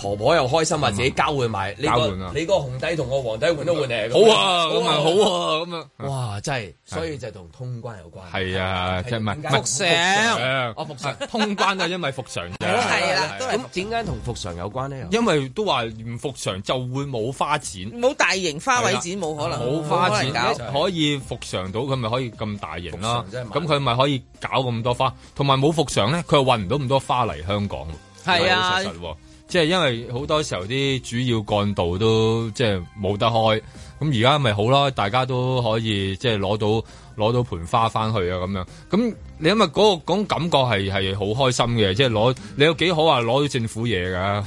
婆婆又開心啊，自己交換埋，你個你個紅底同我黃底換都換嚟，好啊，咁咪好啊，咁啊，哇，真係，所以就同通關有關，係啊，即係唔係復常，我復常通關啊，因為復常係咯，係啦，咁點解同復常有關咧？因為都話唔復常就會冇花展，冇大型花卉展冇可能，冇花展可以復常到佢咪可以咁大型咯，咁佢咪可以搞咁多花，同埋冇復常咧，佢又運唔到咁多花嚟香港，係啊。即係因為好多時候啲主要幹道都即係冇得開，咁而家咪好囉。大家都可以即係攞到攞到盤花翻去啊咁樣。咁你諗嗰個感覺係係好開心嘅，即係攞你有幾好啊，攞到政府嘢㗎，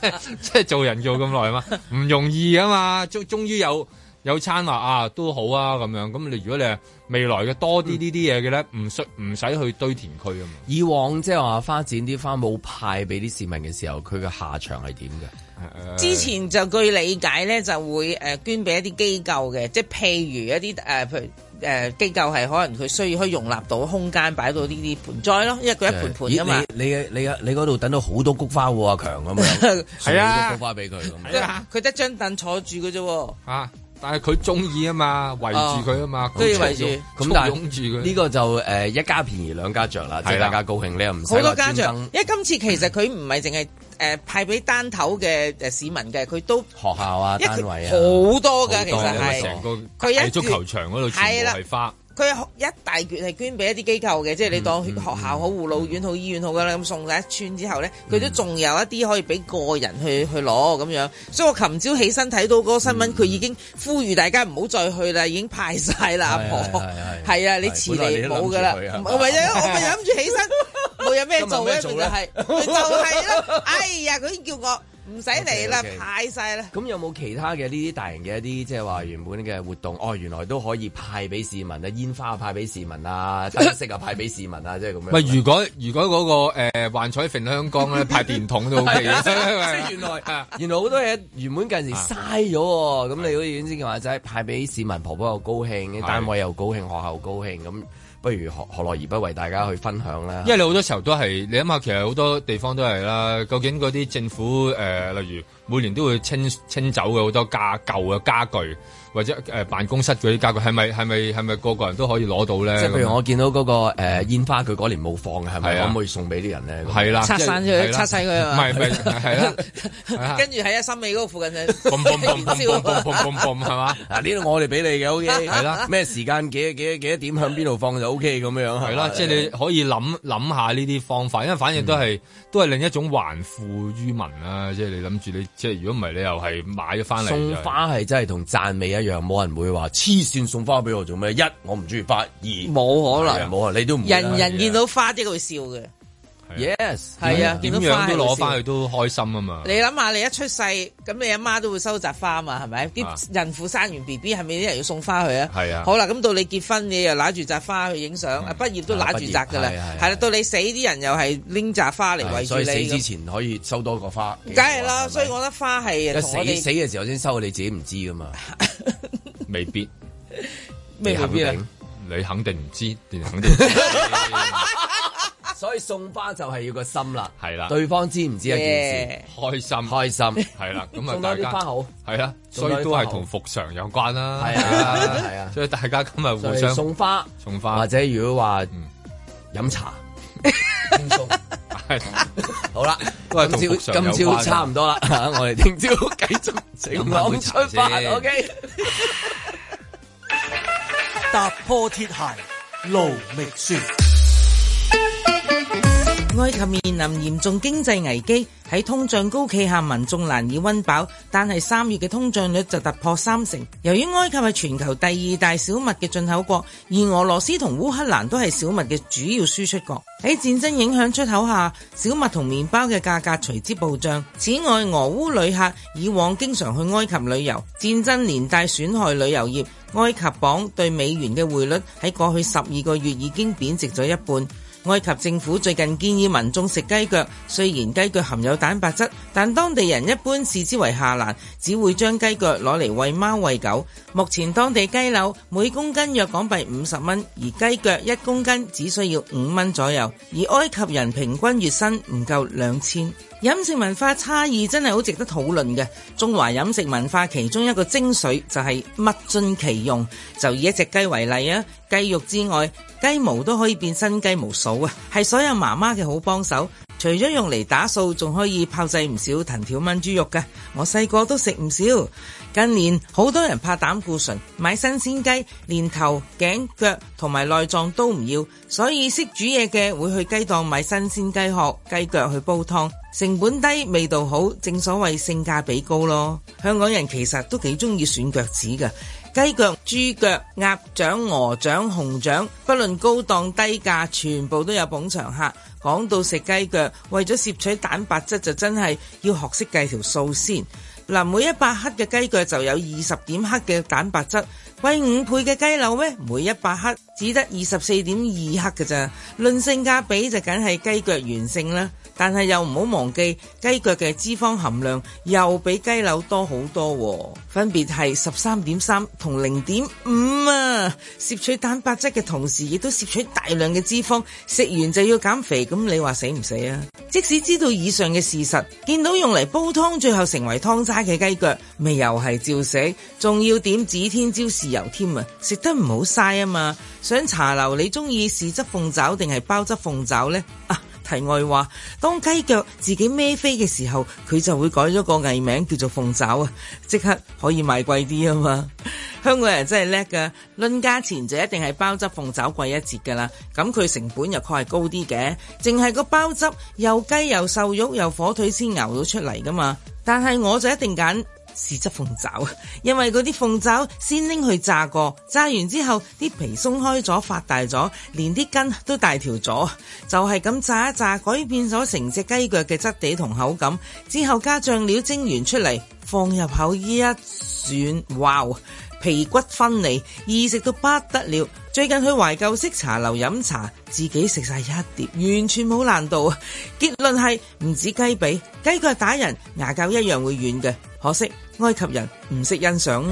即係即係做人做咁耐嘛，唔容易啊嘛，終終於有。有餐話啊，啊都好啊咁樣，咁你如果你未來嘅多啲呢啲嘢嘅咧，唔需唔使去堆填區啊。以往即係話發展啲花冇派俾啲市民嘅時候，佢嘅下場係點嘅？之前就據理解咧，就會誒捐俾一啲機構嘅，即係譬如一啲誒，譬如誒機構係可能佢需要可以容納到空間擺到呢啲盆栽咯，因為一佢一盆盆啊嘛。你你你你嗰度等到好多菊花喎，啊、強、啊、咁、 [LAUGHS] 啊、樣，送啊，菊花俾佢。係啊，佢得一張凳坐住嘅啫。吓？但係佢中意啊嘛，圍住佢啊嘛，都要圍住，咁但佢呢、呢個就誒、呃、一家便宜兩家著啦，係大家高興，你又唔好多家長，因為今次其實佢唔係淨係誒派俾單頭嘅市民嘅，佢都學校啊，單位啊，好多㗎。其實係佢喺足球場嗰度全部係花。佢一大卷係捐俾一啲機構嘅，即係你當學校好、護、嗯、老院好、嗯、醫院好嘅啦。咁送曬一村之後咧，佢、嗯、都仲有一啲可以俾個人去去攞咁樣。所以我琴朝起身睇到嗰個新聞，佢、嗯、已經呼籲大家唔好再去啦，已經派晒啦、嗯，阿婆。係、嗯、啊、嗯，你遲嚟冇㗎啦。唔係啊，啊，我咪諗住起身冇有咩做咧，做就係就係啦。 [LAUGHS] 哎呀，佢已經叫我。唔使嚟啦，okay, okay. 派晒啦！咁有冇其他嘅呢啲大型嘅一啲即係話原本嘅活動？哦，原來都可以派俾市民啦，煙花派俾市民啊，燈飾啊派俾市民啊，即係咁樣。唔如果如果嗰、嗰個誒幻、呃、彩詠香江咧 [LAUGHS] 派電筒都 O K 嘅。即 [LAUGHS] 係原來 [LAUGHS] 原來好多嘢原本近時嘥咗喎。咁、啊、你好遠先嘅話就係派俾市民，婆婆又高興，單位又高興，學校高興咁。不如何何樂而不為，大家去分享啦！因為你好多時候都係你諗下，其實好多地方都係啦。究竟嗰啲政府、呃、例如每年都會清清走嘅好多家舊嘅傢或者誒辦公室嗰啲家具係咪係咪係咪個個人都可以攞到咧？即係譬如我見到嗰個誒煙花，佢嗰年冇放嘅，係咪可唔可以送俾啲人咧？係啦、啊，拆散咗，拆曬佢。唔係唔係，係啦、啊啊啊啊啊啊。跟住喺一心尾嗰個附近就嘭嘭嘭嘭嘭嘭嘭係嘛？嗱呢度我哋俾你嘅，O K。係、okay? 啦、啊，咩 [LAUGHS] 時間幾幾幾多點向邊度放就 O K 咁樣。係啦、啊，即係、啊、你可以諗諗下呢啲方法，因為反正都係、嗯、都係另一種還富於民啦。即係你諗住你即係如果唔係你又係買咗翻嚟送花係真係同讚美啊！樣冇人會話黐線，送花俾我做咩？一，我唔中意花，二冇可能，冇啊！你都唔。人人見到花啲都會笑嘅。Yes，係啊，點樣都攞翻去都開心啊嘛！你諗下，你一出世，咁你阿媽都會收紮花嘛？係咪？啲孕婦生完 B B，係咪啲人要送花去啊？係啊！好啦，咁到你結婚，你又拿住扎花去影相，畢、啊啊啊、業都拿住紮噶啦，係、啊、啦，到你死，啲人又係拎紮花嚟為你死之前可以收多個花個，梗係啦、啊啊。所以我覺得花係一死、啊、死嘅時候先收，你自己唔知噶嘛，未必未必咧？你肯定唔知，定肯定。所以送花就係要個心啦，係啦，對方知唔知一件事？Yeah. 開心，開心係啦，咁啊大家 [LAUGHS] 送多啲花好，係啊，所以都係同復常有關啦，係啊，係啊，所以大家今日互相送花，送花或者如果話飲、嗯、茶， [LAUGHS] 好啦，今朝 [LAUGHS] 今朝差唔多啦，吓我哋聽朝繼續講出發，OK，踏 [LAUGHS] 破鐵鞋路未絕。埃及面臨嚴重經濟危機，喺通脹高企下，民眾難以溫飽。但係三月嘅通脹率就突破三成。由於埃及係全球第二大小麥嘅進口國，而俄羅斯同烏克蘭都係小麥嘅主要輸出國，喺戰爭影響出口下，小麥同麵包嘅價格隨之暴漲。此外，俄烏旅客以往經常去埃及旅遊，戰爭連帶損害旅遊業。埃及鎊對美元嘅匯率喺過去十二個月已經貶值咗一半。埃及政府最近建議民眾食雞腳，雖然雞腳含有蛋白質，但當地人一般視之為下欄，只會將雞腳攞嚟餵貓餵狗。目前當地雞柳每公斤約港幣五十蚊，而雞腳一公斤只需要五蚊左右，而埃及人平均月薪唔夠兩千。飲食文化差異真係好值得討論嘅。中華飲食文化其中一個精髓就係物盡其用。就以一隻雞為例啊，雞肉之外，雞毛都可以變身雞毛掃啊，係所有媽媽嘅好幫手。除咗用嚟打掃，仲可以炮製唔少藤條炆豬肉嘅。我細個都食唔少。近年好多人怕膽固醇，買新鮮雞，連頭、頸、腳同埋內臟都唔要，所以識煮嘢嘅會去雞檔買新鮮雞殼、雞腳去煲湯，成本低，味道好，正所謂性價比高咯。香港人其實都幾中意選腳趾㗎。雞腳、豬腳、鴨掌、鵝掌、熊掌，掌，不論高檔低價，全部都有捧場客。講到食雞腳，為咗攝取蛋白質，就真係要學識計條數先。嗱，每一百克嘅雞腳就有二十點克嘅蛋白質，喂，五倍嘅雞柳咩？每一百克只得二十四點二克嘅咋？論性價比就梗係雞腳完勝啦。但係又唔好忘記雞腳嘅脂肪含量又比雞柳多好多，啊，分別係十三點三同零點五啊！攝取蛋白質嘅同時，亦都攝取大量嘅脂肪，食完就要減肥，咁你話死唔死啊？即使知道以上嘅事實，見到用嚟煲湯最後成為湯渣嘅雞腳，咪又係照食，仲要點指天椒、豉油添啊！食得唔好嘥啊嘛！想茶樓，你中意豉汁鳳爪定係包汁鳳爪呢？啊！題外話，當雞腳自己孭飛嘅時候，佢就會改咗個藝名叫做鳳爪啊！即刻可以賣貴啲啊嘛！ [LAUGHS] 香港人真係叻噶，論價錢就一定係包汁鳳爪貴一截噶啦。咁佢成本又確係高啲嘅，淨係個包汁又雞又瘦肉又火腿先熬到出嚟噶嘛。但係我就一定揀。豉汁鳳爪，因為嗰啲鳳爪先拎去炸過，炸完之後啲皮鬆開咗，發大咗，連啲筋都大條咗，就係、是、咁炸一炸，改變咗成隻雞腳嘅質地同口感。之後加醬料蒸完出嚟，放入口一吮，哇，皮骨分離，易食到不得了。最近去懷舊式茶樓飲茶，自己食晒一碟，完全冇難度。結論係唔止雞髀、雞腳打人，牙膠一樣會軟嘅，可惜。埃及人唔識欣賞。